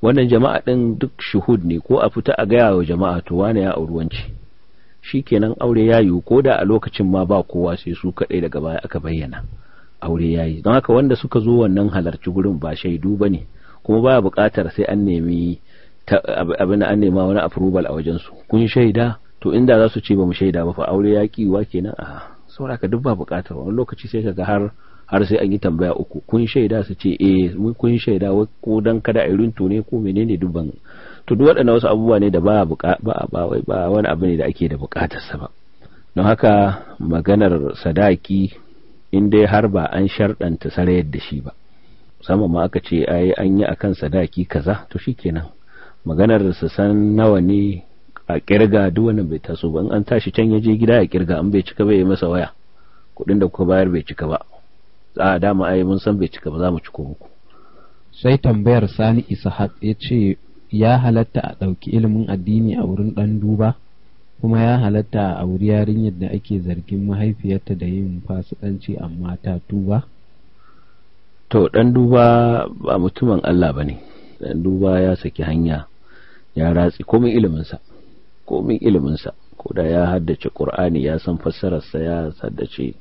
wannan jama'a ɗin duk shuhud ne ko a fita a gaya wa jama'a to wane ya auri wance kenan aure ya yiwu ko da a lokacin ma ba kowa sai su kaɗai daga baya aka bayyana aure ya yi don haka wanda suka zo wannan halarci gurin ba shaidu ba ne kuma baya buƙatar sai an nemi abin an nema wani approval a wajen su kun shaida to inda za su ce ba mu shaida ba fa aure ya kiwa kenan a saboda ka duk ba buƙatar wani lokaci sai ka ga har har sai an yi tambaya uku kun shaida su ce eh kun shaida ko dan kada a runtu ne ko menene dubban to duk waɗannan wasu abubuwa ne da ba ba wani abu ne da ake da buƙatar sa ba don haka maganar sadaki in dai har ba an sharɗanta sarayar da shi ba sama ma aka ce ai an yi akan sadaki kaza to shikenan maganar su san nawa ne a kirga duk wani bai taso ba in an tashi can ya je gida ya kirga an bai cika bai masa waya kuɗin da kuka bayar bai cika ba a dama ai mun san bai cika ba za mu ciko muku sai tambayar sani ishaq ya ce ya halatta a ɗauki ilimin addini a wurin ɗan duba kuma ya halatta a wuri yarinyar da ake zargin mahaifiyarta da yin fasikanci amma ta tuba to ɗan duba ba mutumin Allah ba ne ɗan duba ya saki hanya ya ratsi komin iliminsa komin iliminsa ko da ya haddace ƙur'ani ya san fassararsa ya haddace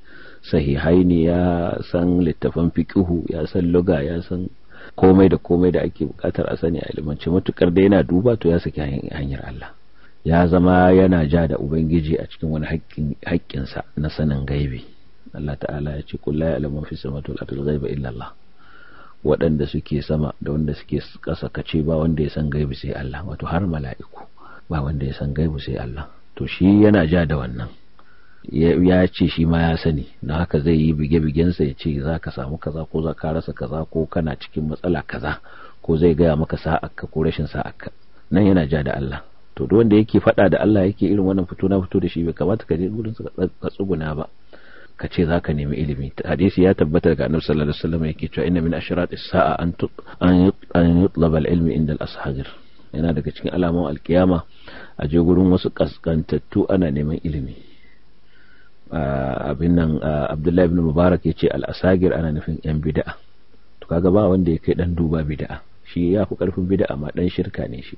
sahihaini ya san littafan fikihu ya san luga ya san komai da komai da ake bukatar a sani a ilimance matukar da yana duba to ya saki hanyar Allah ya zama yana ja da ubangiji a cikin wani sa na sanin gaibi Allah ta'ala ya ce kullu ya alamu fi samatu al ghaiba illa Allah waɗanda suke sama da wanda suke ƙasa kace ba wanda ya san gaibi sai Allah wato har mala'iku ba wanda ya san gaibi sai Allah to shi yana ja da wannan ya ce shi ma ya sani na haka zai yi bige-bigensa ya ce za ka samu kaza ko za ka rasa kaza ko kana cikin matsala kaza ko zai gaya maka sa'akka ko rashin sa'akka nan yana ja da Allah to duk wanda yake faɗa da Allah yake irin wannan fito na fito da shi bai kamata ka je gurin ka tsuguna ba ka ce za ka nemi ilimi hadisi ya tabbata daga annabi sallallahu alaihi wasallam yake cewa inna min ashrat as-sa'a an an yutlab al-ilm inda al-ashagir yana daga cikin alamun alkiyama a je gurin wasu kaskantattu ana neman ilimi abin nan abdullahi ibn mubarak ya ce al'asagir ana nufin yan bida'a to kaga ba wanda ya kai dan duba bida'a shi ya fi karfin bida'a ma dan shirka ne shi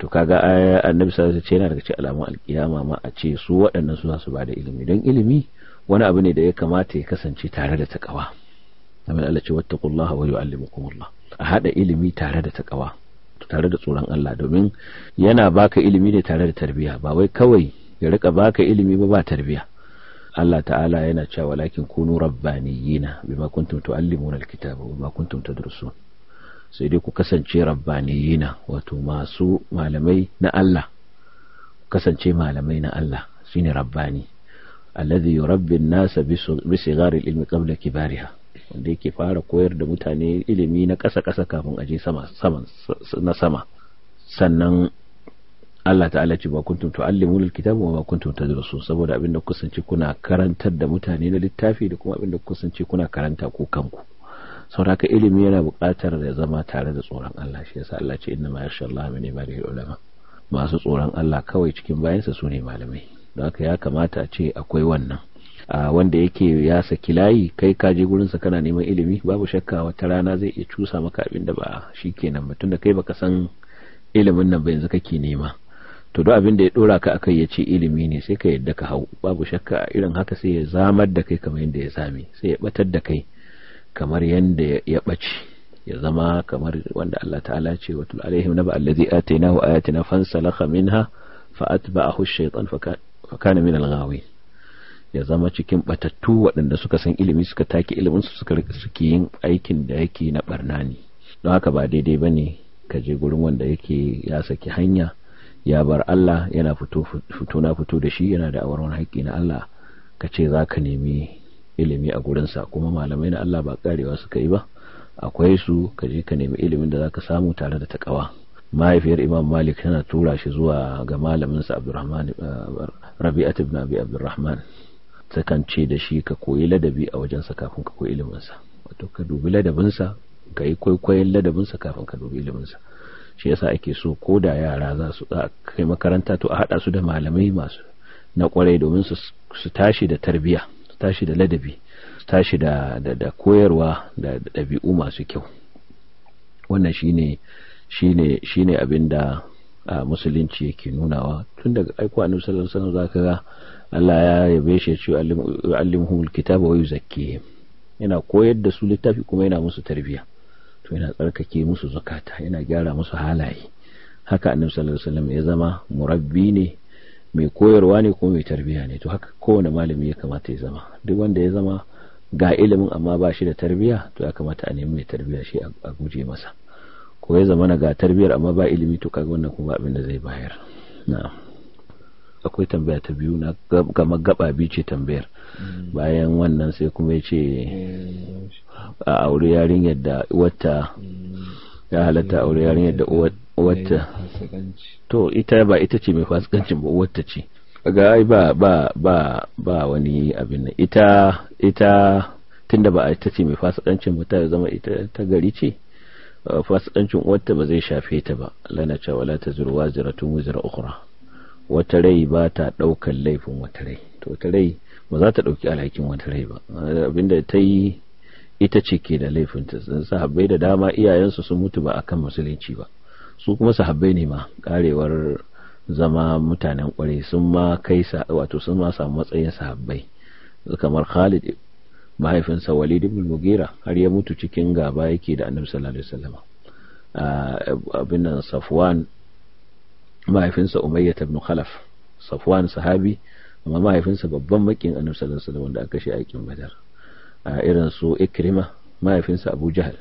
to kaga annabi sallallahu alaihi yana daga cikin alamun alkiyama ma a ce su waɗannan su za su bada ilimi don ilimi wani abu ne da ya kamata ya kasance tare da takawa amin Allah ce wattaqullaha wa yu'allimukumullah a hada ilimi tare da takawa tare da tsoron Allah domin yana baka ilimi ne tare da tarbiya ba wai kawai ya rika baka ilimi ba ba tarbiyya. Allah ta'ala yana cewa walakin kunu rabbaniyina bima kuntum tuallimuna alkitaba wa kuntum tadrusun sai dai ku kasance rabbaniyina wato masu malamai na Allah kasance malamai na Allah shine rabbani alladhi yurabbi an-nasa bi sigari al-ilmi qabla kibariha wanda yake fara koyar da mutane ilimi na kasa kasa kafin aje sama sama na sama sannan Allah ta'ala ce ba kuntum tu'allimuna alkitaba wa ma kuntum tadrusun saboda abin da kusance kuna karantar da mutane na littafi da kuma abin da kusance kuna karanta ku kanku saboda haka ilimi yana buƙatar ya zama tare da tsoron Allah shi yasa Allah ce inna ma yasha Allah min ibadihi ulama masu tsoron Allah kawai cikin bayansa su ne malamai don haka ya kamata a ce akwai wannan a wanda yake ya saki layi kai ka je gurinsa kana neman ilimi babu shakka wata rana zai iya cusa maka abin da ba shi kenan mutum da kai baka san ilimin nan ba yanzu kake nema to duk abin da ya dora ka akai ya ce ilimi ne sai ka yadda ka hau babu shakka irin haka sai ya zamar da kai kamar yadda ya sami sai ya batar da kai kamar yadda ya ɓace ya zama kamar wanda Allah ta'ala ce wa tul alaihim naba allazi atainahu ayatina fansalakha minha fa atba'ahu ash-shaytan fa kana min al-ghawi ya zama cikin batattu waɗanda suka san ilimi suka take ilimin su suka suke yin aikin da yake na barna ne don haka ba daidai bane ka je gurin wanda yake ya saki hanya ya bar Allah yana fito na fito da shi yana da awarwan haƙƙi na Allah ka ce za ka nemi ilimi a gurinsa kuma malamai na Allah ba karewa suka yi ba akwai su ka je ka nemi ilimin da za ka samu tare da takawa mahaifiyar imam malik tana tura shi zuwa ga malaminsa abdurrahman eh, rabi'at ibn abi abdurrahman takan ce da shi ka koyi ladabi a wajensa kafin ka koyi iliminsa wato ka dubi ladabinsa ka yi kwaikwayon ladabinsa kafin ka dubi iliminsa shi yasa ake so ko da yara za su kai makaranta to a haɗa su da malamai masu na kwarai domin su tashi da tarbiya su tashi da ladabi su tashi da koyarwa da ɗabi'u masu kyau wannan shine shine shine abin da musulunci yake nunawa tun daga aiko annabi sallallahu alaihi za zaka ga Allah ya yabe shi ce allimhumul kitaba wa yuzakkihim yana koyar da su littafi kuma yana musu tarbiyya to yana tsarkake musu zukata yana gyara musu halaye haka annabi sallallahu alaihi wasallam ya zama murabbi ne mai koyarwa ne kuma mai tarbiya ne to haka kowane malami ya kamata ya zama duk wanda ya zama ga ilimin amma ba shi da tarbiya to ya kamata a nemi mai tarbiya shi a guje masa ko ya zama na ga tarbiyar amma ba ilimi to kaga wannan kuma abin da zai bayar na'am akwai tambaya ta biyu na gama gaba ce tambayar bayan wannan sai kuma ya ce a aure yarin yadda wata ya halatta aure yarin yadda wata to ita ba ita ce mai fasikancin ba wata ce ga ai ba ba ba ba wani abin nan ita ita tunda ba ita ce mai fasikancin ba ta zama ita ta gari ce uh, fasikancin wata ba zai shafe ta ba lana cewa wala tazuru waziratun wizra ukhra wata rai ba ta daukan laifin wata rai to ta rai ba za ta ɗauki alhakin wata rai ba abinda ta yi ita ce ke da laifinta sahabbai da dama iyayensu sun mutu ba a kan musulunci ba su kuma sahabbai ne ma karewar zama mutanen kwarai sun ma kai wato sun ma samu matsayin sahabbai kamar Khalid mahaifinsa Walid ibn har ya mutu cikin gaba yake da Annabi sallallahu alaihi wasallam abin nan Safwan mahaifinsa Umayyah ibn Khalaf Safwan sahabi amma mahaifinsa babban makin annabi sallallahu alaihi wanda aka shi aikin badar a irin su ikrima mahaifinsa abu jahal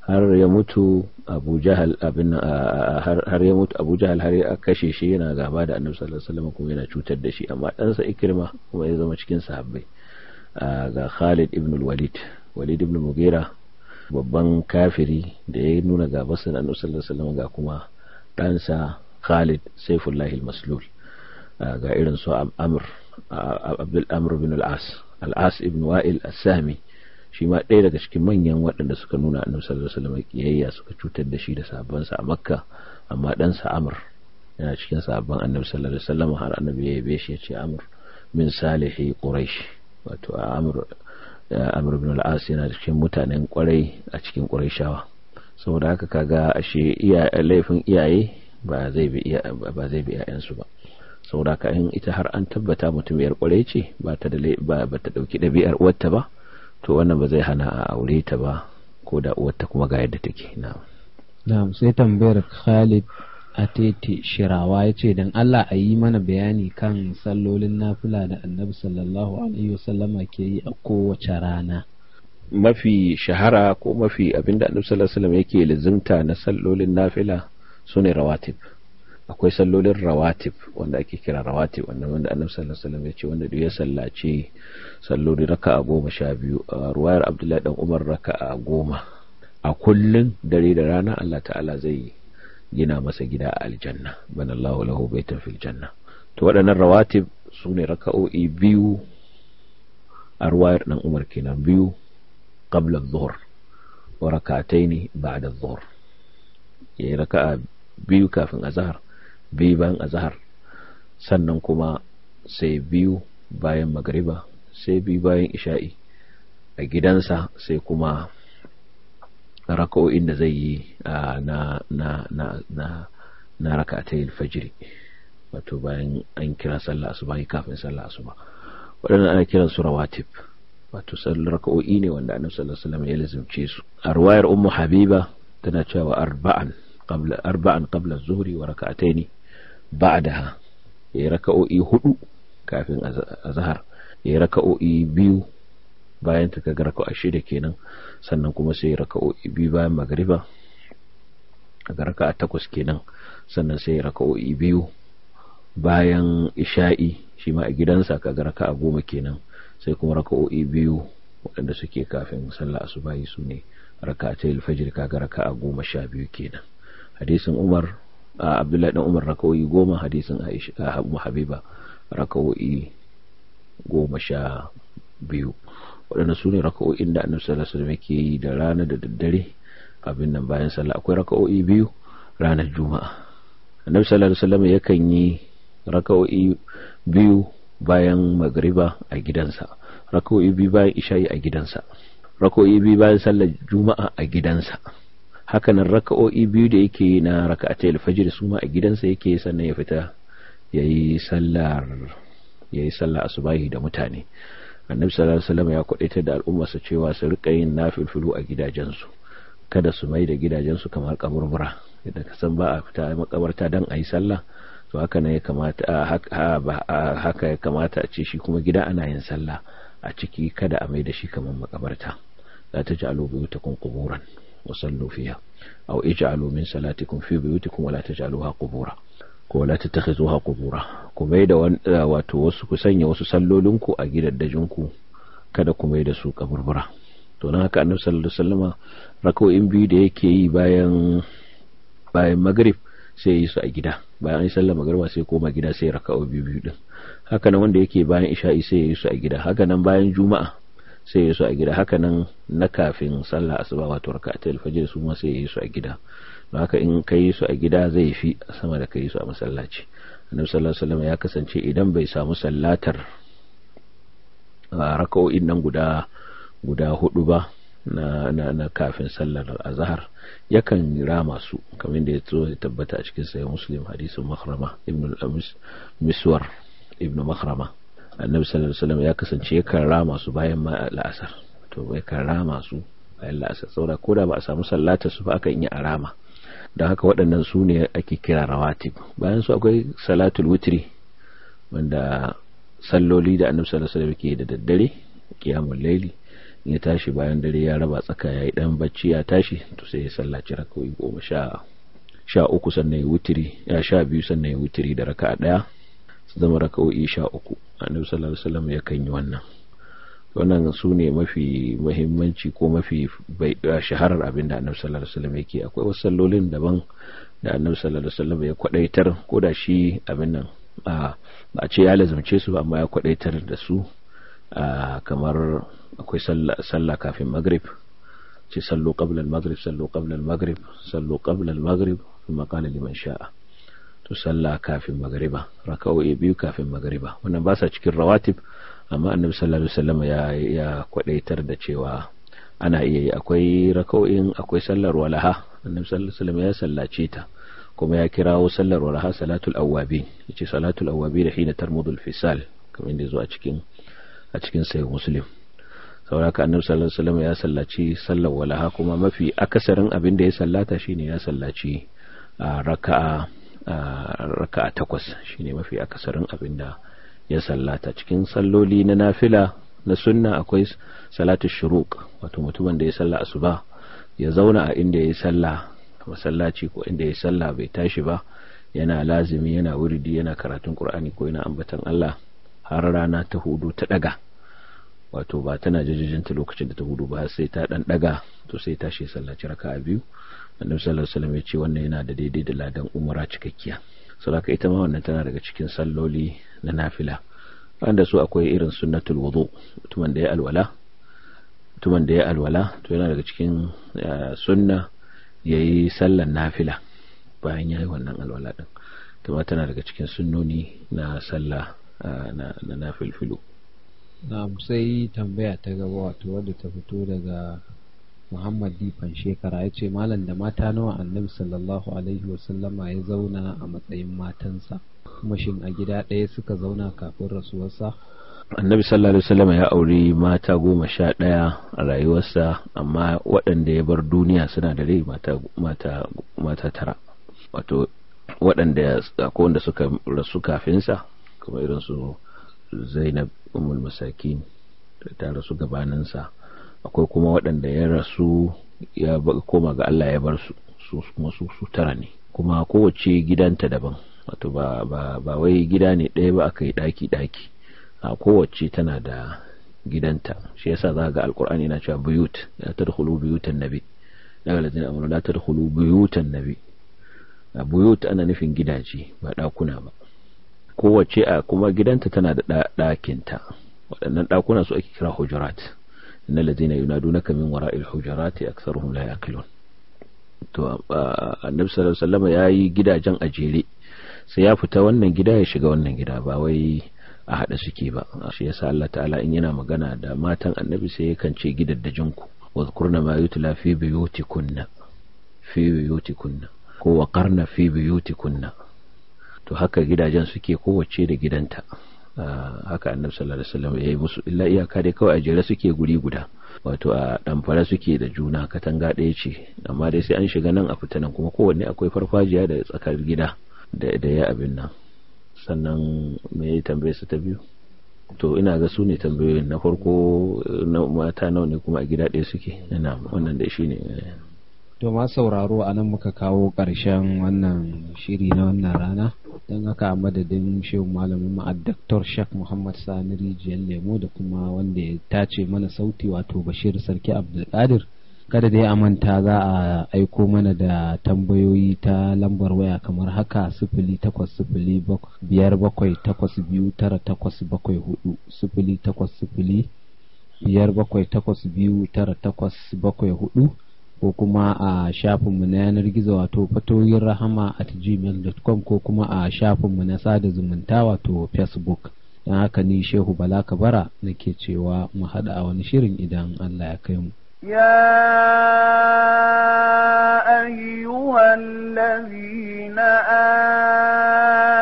har ya mutu abu jahal abin har ya mutu abu jahal har ya kashe shi yana gaba da annabi sallallahu alaihi kuma yana cutar da shi amma ɗansa ikrima kuma ya zama cikin sahabbai ga Khalid ibn al-Walid Walid ibn Mughira babban kafiri da ya nuna gabarsa da sallallahu alaihi ga kuma ɗansa Khalid Saifullahi maslul ga irin su amr abdul amr bin al-as ibn wa'il as-sami shi ma ɗaya daga cikin manyan waɗanda suka nuna a nusar da salama kiyayya suka cutar da shi da sahabbansa a makka amma ɗansa amr yana cikin sabon annabi sallallahu alaihi wasallam har annabi ya yabe shi ya ce amr min salihi quraish wato amr amr ibn al-as yana cikin mutanen kwarai a cikin quraishawa saboda haka kaga ashe iya laifin iyaye ba zai bi ba zai bi 'ya'yansu ba Saura ka ita har an tabbata mutum 'yar kwarai ce ba ta ɗauki ɗabi'ar uwarta ba to wannan ba zai hana a aure ta ba ko da uwarta kuma ga yadda take Na na'am sai tambayar Khalid Atete Shirawa ya ce don Allah a yi mana bayani kan sallolin nafila da annabi sallallahu alaihi wasallama ke yi a kowace rana mafi shahara ko mafi abinda annabi sallallahu alaihi wasallam yake lizimta na sallolin nafila sune rawatib akwai sallolin rawatib wanda ake kira rawatib wanda wanda annabi sallallahu alaihi wasallam ya ce wanda duk ya sallaci salloli raka'a goma sha biyu ruwayar abdullahi dan umar raka'a goma a kullun dare da rana Allah ta'ala zai gina masa gida a aljanna banallahu lahu baitan fil janna to waɗannan rawatib sune raka'o'i biyu a ruwayar dan umar kenan biyu qabla adh-dhuhr wa rak'ataini ba'da adh-dhuhr yayi raka'a biyu kafin azhar biyu bayan azahar sannan kuma sai biyu bayan magariba sai biyu bayan isha'i a gidansa sai kuma raka'o'in da zai yi na na na na na fajiri wato bayan an kira sallah asuba kafin sallah asuba waɗannan ana kiran su rawatib wato sallar raka'o'i ne wanda annabi sallallahu alaihi wasallam ya lazimce su a ruwayar ummu habiba tana cewa arba'an qabla arba'an qabla az-zuhri wa raka'ataini ba'daha yayi raka'o'i hudu kafin azhar yayi raka'o'i biyu bayan ta kaga raka'a shida kenan sannan kuma sai raka'o'i biyu bayan magriba kaga raka'a takwas kenan sannan sai raka'o'i biyu bayan isha'i shi ma a gidansa kaga raka'a goma kenan sai kuma raka'o'i biyu waɗanda suke kafin sallah bayi su ne raka'atai alfajir kaga raka'a goma sha biyu kenan hadisin Umar abdullahi dan umar rakawoyi goma hadisin aisha abu habiba rakawoyi goma sha biyu waɗanda su ne raka'o'in da annabi sallallahu alaihi wasallam yake yi da rana da daddare abin nan bayan sallah akwai rakawoyi biyu ranar juma'a annabi sallallahu alaihi wasallam yakan yi rakawoyi biyu bayan magriba a gidansa rakawoyi biyu bayan isha'i a gidansa rakawoyi biyu bayan sallar juma'a a gidansa hakanan raka'o'i biyu da yake yi na raka'atai alfajir su ma a gidansa yake sannan ya fita ya yi sallar ya asubahi da mutane annabi sallallahu alaihi ya kwadaita da al'ummarsa cewa su rika yin nafilfilu a gidajensu kada su mai da gidajensu kamar kaburbura idan ka san ba a fita makabarta dan a yi sallah to haka ne ya kamata haka ya kamata a ce shi kuma gida ana yin sallah a ciki kada a mai da shi kamar makabarta za ta ji alobi ta kun وصلوا فيها أو اجعلوا من صلاتكم في بيوتكم ولا تجعلوها قبورا ko la tattakhizuha qubura ku mai da wato wasu ku sanya wasu sallolinku a ku kada ku mai da su kaburbura to nan haka annabi sallallahu alaihi wasallama rak'o'in biyu da yake yi bayan bayan magrib sai yi su a gida bayan an sallar maghrib sai koma gida sai rak'o biyu biyu din haka nan wanda yake bayan isha'i sai yi su a gida haka nan bayan juma'a sai yi su a gida haka nan na kafin sallah asuba wato raka'atul fajr su ma sai yi su a gida don haka in ka yi su a gida zai fi sama da ka yi su a masallaci annabi sallallahu alaihi ya kasance idan bai samu sallatar raka'o'in nan guda guda hudu ba na na, na kafin sallar azhar yakan rama masu kamar da ya zo ya tabbata a cikin sahih muslim hadisin makhrama ibn al-amis miswar ibn mahrama annabi sallallahu alaihi wasallam ya kasance ya rama su bayan ma la'asar to yakan rama su bayan la'asar saboda ko da ba a samu sallata su ba akan yi a rama don haka waɗannan su ne ake kira rawatib bayan su akwai salatul witri wanda salloli da annabi sallallahu alaihi wasallam ke da daddare qiyamul layli ya tashi bayan dare ya raba tsaka ya yi dan bacci ya tashi to sai ya sallaci rakawi goma sha sha uku sannan ya wutiri ya sha biyu sannan ya wutiri da raka'a daya su zama raka'o'i sha uku annabi sallallahu alaihi wasallam ya yi wannan wannan su ne mafi muhimmanci ko mafi shaharar abin da annabi sallallahu alaihi wasallam yake akwai wasu sallolin daban da annabi sallallahu alaihi wasallam ya kwadaitar ko da shi abin nan ba a ce ya lazumce su amma ya kwadaitar da su kamar akwai sallah kafin maghrib ce sallo qabla al-maghrib sallo qabla al-maghrib sallo qabla al-maghrib kuma qala liman sha'a to sallah kafin magariba raka'o'i biyu kafin magariba wannan ba sa cikin rawatib amma annabi sallallahu alaihi wasallam ya ya kwadaitar da cewa ana iya yi akwai raka'o'in akwai sallar walaha annabi sallallahu alaihi wasallam ya sallace ta kuma ya kirawo sallar walaha salatul awwabi yace salatul awwabi da hina tarmudul fisal kamar inda zo a cikin a cikin sayyid muslim sauraka annabi sallallahu alaihi wasallam ya sallaci sallar walaha kuma mafi akasarin abin da ya sallata shine ya sallaci a ah, raka'a raka'a takwas shine mafi akasarin abin da ya sallata cikin salloli na nafila na sunna akwai salatu shuruq wato mutumin da ya salla asuba ya zauna a inda ya salla masallaci ko inda ya salla bai tashi ba yana lazimi yana wuridi yana karatun qur'ani ko yana ambatan Allah har rana ta hudu ta daga wato ba tana jajjajinta lokacin da ta hudu ba sai ta dan daga to sai tashi sallaci raka'a biyu annabi sallallahu alaihi wasallam ya ce wannan yana da daidai da ladan umara cikakkiya saboda ita ma wannan tana daga cikin salloli na nafila wanda su akwai irin sunnatul wudu mutumin da ya alwala mutumin da ya alwala to yana daga cikin eh, sunna yayi sallan nafila bayan yayi wannan alwala din kuma tana daga cikin sunnoni na sallah eh, na na nafilfilu na sai tambaya ta gaba wato wadda ta fito daga Muhammad Difan shekara ya ce malam da mata nawa annabi sallallahu alaihi wasallama ya zauna a matsayin matansa kuma shin a gida ɗaya suka zauna kafin rasuwarsa annabi sallallahu alaihi wasallama ya auri mata goma sha ɗaya a rayuwarsa amma waɗanda ya bar duniya suna da rai mata tara wato waɗanda wanda suka rasu kafinsa kuma irin su zainab umul masakin ta rasu gabaninsa akwai kuma waɗanda ya rasu ya koma ga Allah ya bar su su kuma su su tara ne kuma kowace gidanta daban wato ba wai gida ne ɗaya ba aka yi ɗaki ɗaki a kowace tana da gidanta shi yasa za ga alkur'ani yana cewa buyut la tadkhulu buyutan nabi daga ladina amanu la tadkhulu buyutan nabi a buyut ana nufin gidaje ba ɗakuna ba kowace a kuma gidanta tana da ɗakinta waɗannan ɗakuna su ake kira hujurat na الذين ينادونك من وراء الحجرات أكثرهم لا يأكلون to annabi sallallahu alaihi ya yayi gidajen ajere sai ya fita wannan gida ya shiga wannan gida ba wai a hada suke ba shi yasa Allah ta'ala in yana magana da matan annabi sai yakan ce gidaddajin ku zkurna ma yutla fi buyutikunna fi buyutikunna ko qarna fi buyutikunna to haka gidajen suke kowace da gidanta Ah, haka annabi sallallahu alaihi wasallam ya musu illa iyaka dai kawai a jere suke guri guda wato a damfara suke da juna katanga ɗaya ce amma dai sai an shiga nan a fita kuma kowanne akwai farfajiya da tsakar gida da ya abin nan sannan me ya tambaye su ta biyu to ina ga su ne tambayoyin na farko mata nawa ne kuma a gida ɗaya suke ina wannan da shi ne eh. To ma sauraro a nan muka kawo ƙarshen wannan shiri na wannan rana don haka a madadin shehu malamin ma'a Dr. Sheikh Muhammad Sani Rijiyar Lemo da kuma wanda ya tace mana sauti wato Bashir Sarki Abdulkadir. Kada dai a manta za a aiko mana da tambayoyi ta lambar waya kamar haka sifili takwas sifili biyar bakwai takwas biyu tara takwas bakwai hudu sifili takwas sifili biyar bakwai takwas biyu tara takwas bakwai hudu ko kuma a shafinmu na yanar gizo wato fatoyin rahama at gmail.com ko kuma a shafinmu na sada zumunta wato facebook don haka ni shehu bala kabara nake cewa mu haɗa a wani shirin idan allah ya kai mu يا أيها الذين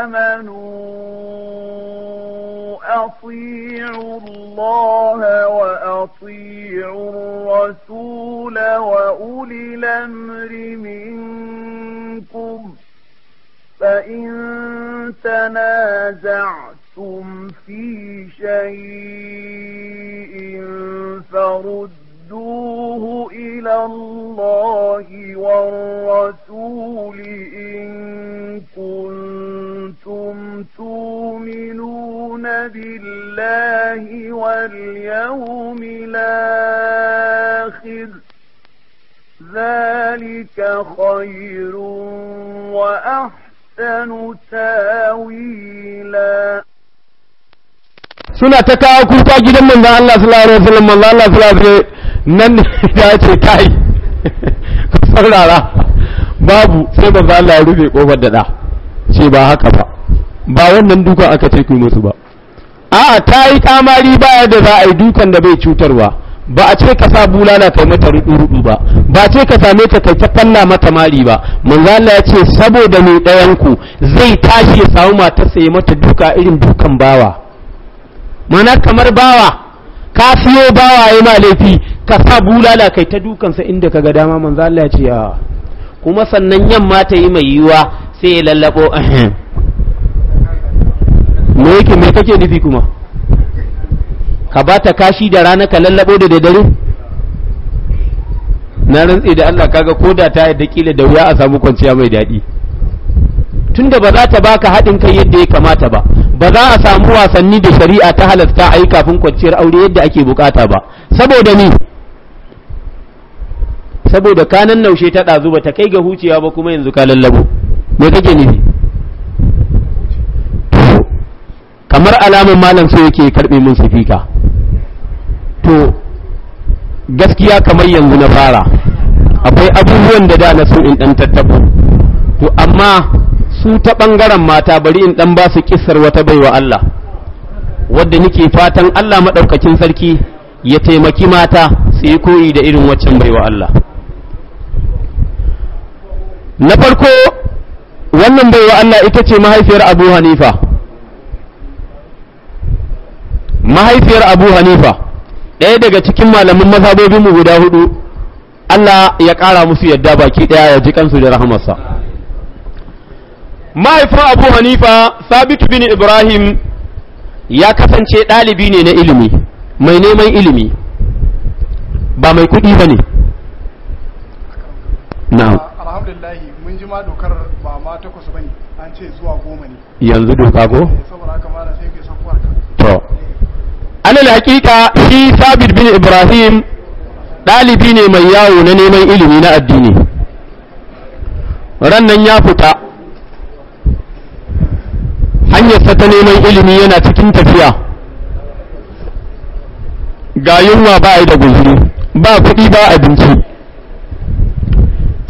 آمنوا أطيعوا الله وأطيعوا الرسول وأولي الأمر منكم فإن تنازعتم في شيء فردوه إلى الله والرسول إن كنتم تؤمنون بالله واليوم الآخر ذلك خير وأحسن تاويلا suna ta kawo kuka gidan manzan Allah sallallahu alaihi wasallam manzan Allah sallallahu alaihi nan ne ya ce kai ku saurara babu sai manzan Allah ya rufe kofar da da ce ba haka ba ba wannan dukan aka ce ku musu ba a'a ta yi kamari baya da za a yi dukan da bai cutarwa ba a ce ka sa bulala kai mata rudu ba ba ce ka same ta kai ta falla mata mari ba manzo Allah ya ce saboda mai ɗayan ku zai tashi ya samu mata sai mata duka irin dukan bawa mana kamar bawa ka fiyo bawa ya ma laifi ka sa bulala kai ta dukansa inda ka ga dama manzo Allah ya ce ya kuma sannan yamma ta yi mai yiwa sai ya lallabo me yake me kake nufi kuma ka ba ta kashi da rana ka lallabo da dare na rantsi da Allah kaga ko da ta yadda kila da wuya a samu kwanciya mai daɗi tunda ba za ta baka haɗin kai yadda ya kamata ba ba za a samu wasanni da shari'a ta halasta a yi kafin kwanciyar aure yadda ake bukata ba saboda ni saboda kanan naushe ta ɗazu ba ta kai ga huciya ba kuma yanzu ka lallabo me kake nufi kamar alamun malam so yake karɓe min sifika to gaskiya kamar yanzu na fara akwai abubuwan da da na so in dan tattabo to amma su ta bangaren mata bari in dan ba su kissar wata baiwa Allah wadda nake fatan Allah madaukakin sarki ya taimaki mata su yi koyi da irin waccan baiwa Allah na farko wannan baiwa Allah ita ce mahaifiyar Abu Hanifa mahaifiyar Abu Hanifa ɗaya daga cikin malamin mazhabobin mu guda hudu Allah ya ƙara musu yadda baki ɗaya ya ji kansu da rahamarsa mahaifin abu hanifa sabitu bin ibrahim ya kasance ɗalibi ne na ilimi mai neman ilimi ba mai kuɗi ba ne na alhamdulillahi mun ji ma dokar ba ma takwas ba ne an ce zuwa goma ne yanzu doka ko saboda haka sai ke to alal hakika shi sabit bin ibrahim ɗalibi ne mai yawo na neman ilimi na addini rannan ya fita hanyarsa ta neman ilimi yana cikin tafiya ga yunwa ba da guzuri ba kuɗi ba abinci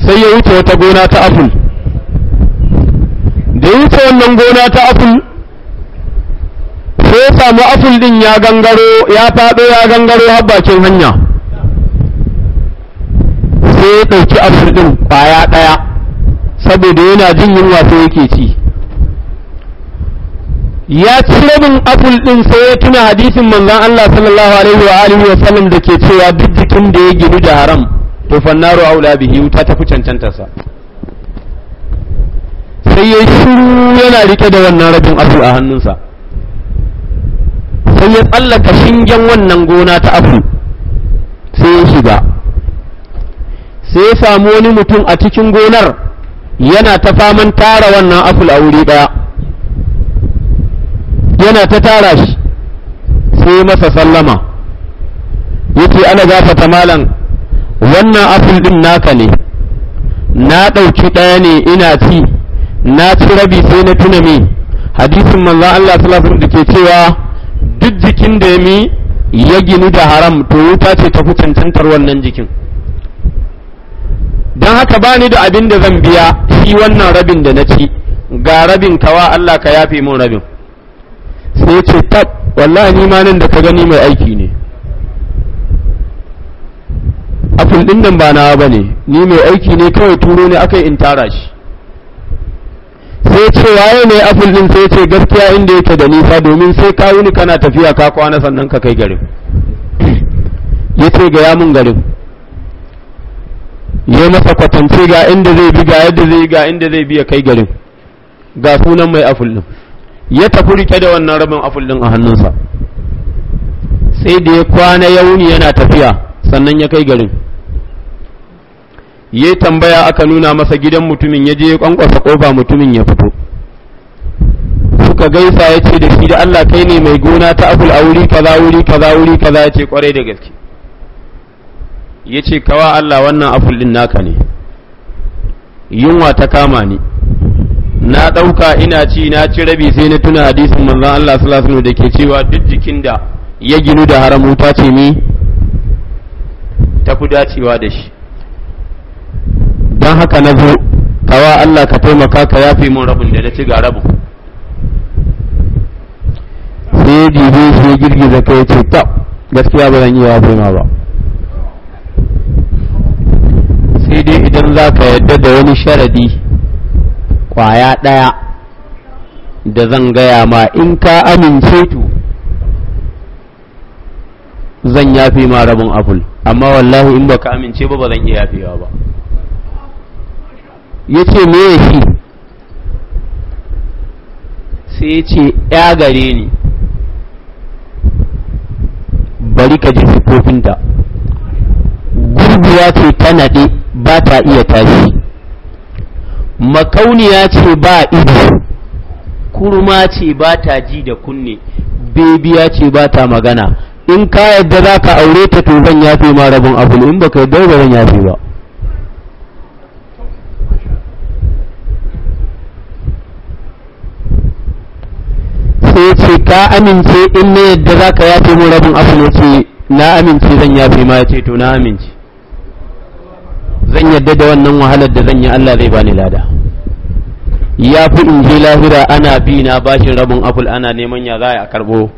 sai ya wuce wata gona ta aful da ya wuce wannan gona ta aful sai ya samu aful din ya gangaro ya fado ya gangaro har bakin hanya sai ya ɗauki aful din kwaya ɗaya saboda yana jin yunwa sai yake ci ya ci rabin aful din sai ya tuna hadisin manzon Allah sallallahu alaihi wa alihi wa sallam da ke cewa duk jikin da ya gidu da haram to fannaru aula bihi wuta tafi sa sai ya shiru yana rike da wannan rabin aful a hannunsa sai ya tsallaka shingen wannan gona ta afu sai ya shiga sai ya samu wani mutum a cikin gonar yana ta faman tara wannan aful a wuri ɗaya yana ta tara shi sai masa sallama ya yace ana ta malam wannan aful ɗin naka ne na ɗauki ɗaya ne ina ci na ci rabi sai na tuna me hadisin manzo Allah sallallahu alaihi wasallam da ke cewa duk jikin da ya ya gini da haram to wuta ce ta fi cancantar wannan jikin don haka ba ni da abin da zan biya shi wannan rabin da na ci ga rabin kawa Allah ka yafe min rabin sai ce tab wallahi ni ma nan da ka gani mai aiki ne a din nan ba nawa ne, ni mai aiki ne kawai turo ne yi in tara shi sai ce waye ne aful din sai ce gaskiya inda yake da nisa domin sai ka wuni kana tafiya ka kwana sannan ka kai garin yace ga ya mun garin ya masa kwatance ga inda zai bi ga yadda zai ga inda zai bi ya kai garin ga sunan mai aful din ya tafi rike da wannan rabin aful din a hannunsa sai da ya kwana ya wuni yana tafiya sannan ya kai garin ya tambaya aka nuna masa gidan mutumin ya je ya kwankwasa kofa mutumin ya fito suka gaisa ya ce da shi da Allah kai ne mai gona ta abul a wuri kaza wuri kaza wuri kaza ya ce kwarai da gaske ya ce kawa Allah wannan aful din naka ne yunwa ta kama ni na ɗauka ina ci na ci rabi sai na tuna hadisin manzon Allah sallallahu alaihi da ke cewa duk jikin da ya ginu da haramu ta ce ni tafi dacewa da shi don haka na zo kawa Allah ka taimaka ka yafe mun rabin da na ci ga rabu sai dibe shi ya girgiza ka ya ce ta gaskiya ba zan iya yafe ma ba sai dai idan za ka yadda da wani sharadi kwaya ɗaya da zan gaya ma in ka amince tu zan yafe ma rabin aful amma wallahi in ba ka amince ba ba zan iya yafewa ba ya ce meye shi sai ya ce ya gare ni bari ka ji sufofinta gurguwa ce ta naɗe ba ta iya tashi makauniya ce ba ido kurma ce ba ta ji da kunne bebiya ce ba ta magana in ka yadda za ka aure ta to zan yafe ma rabin abu in baka yadda ba zan yafe ba sai ya ce ka amince in ne yadda za ka yafe mu rabin abu ya ce na amince zan yafe ma ya ce to na amince zan yadda da wannan wahalar da zan yi Allah zai bani lada ya fi in je lahira ana bi na bashin rabin aful ana neman ya za a karbo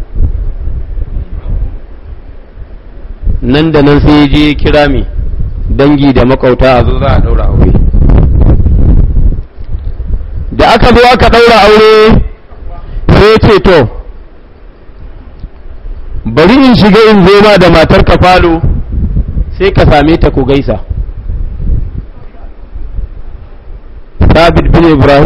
nan da nan sai je kira mi dangi da makauta a zo za a daura aure da aka zo aka daura aure sai ce to bari in shiga in zo ba da matar ka falo sai ka same ta ku gaisa sabit bin ibrahim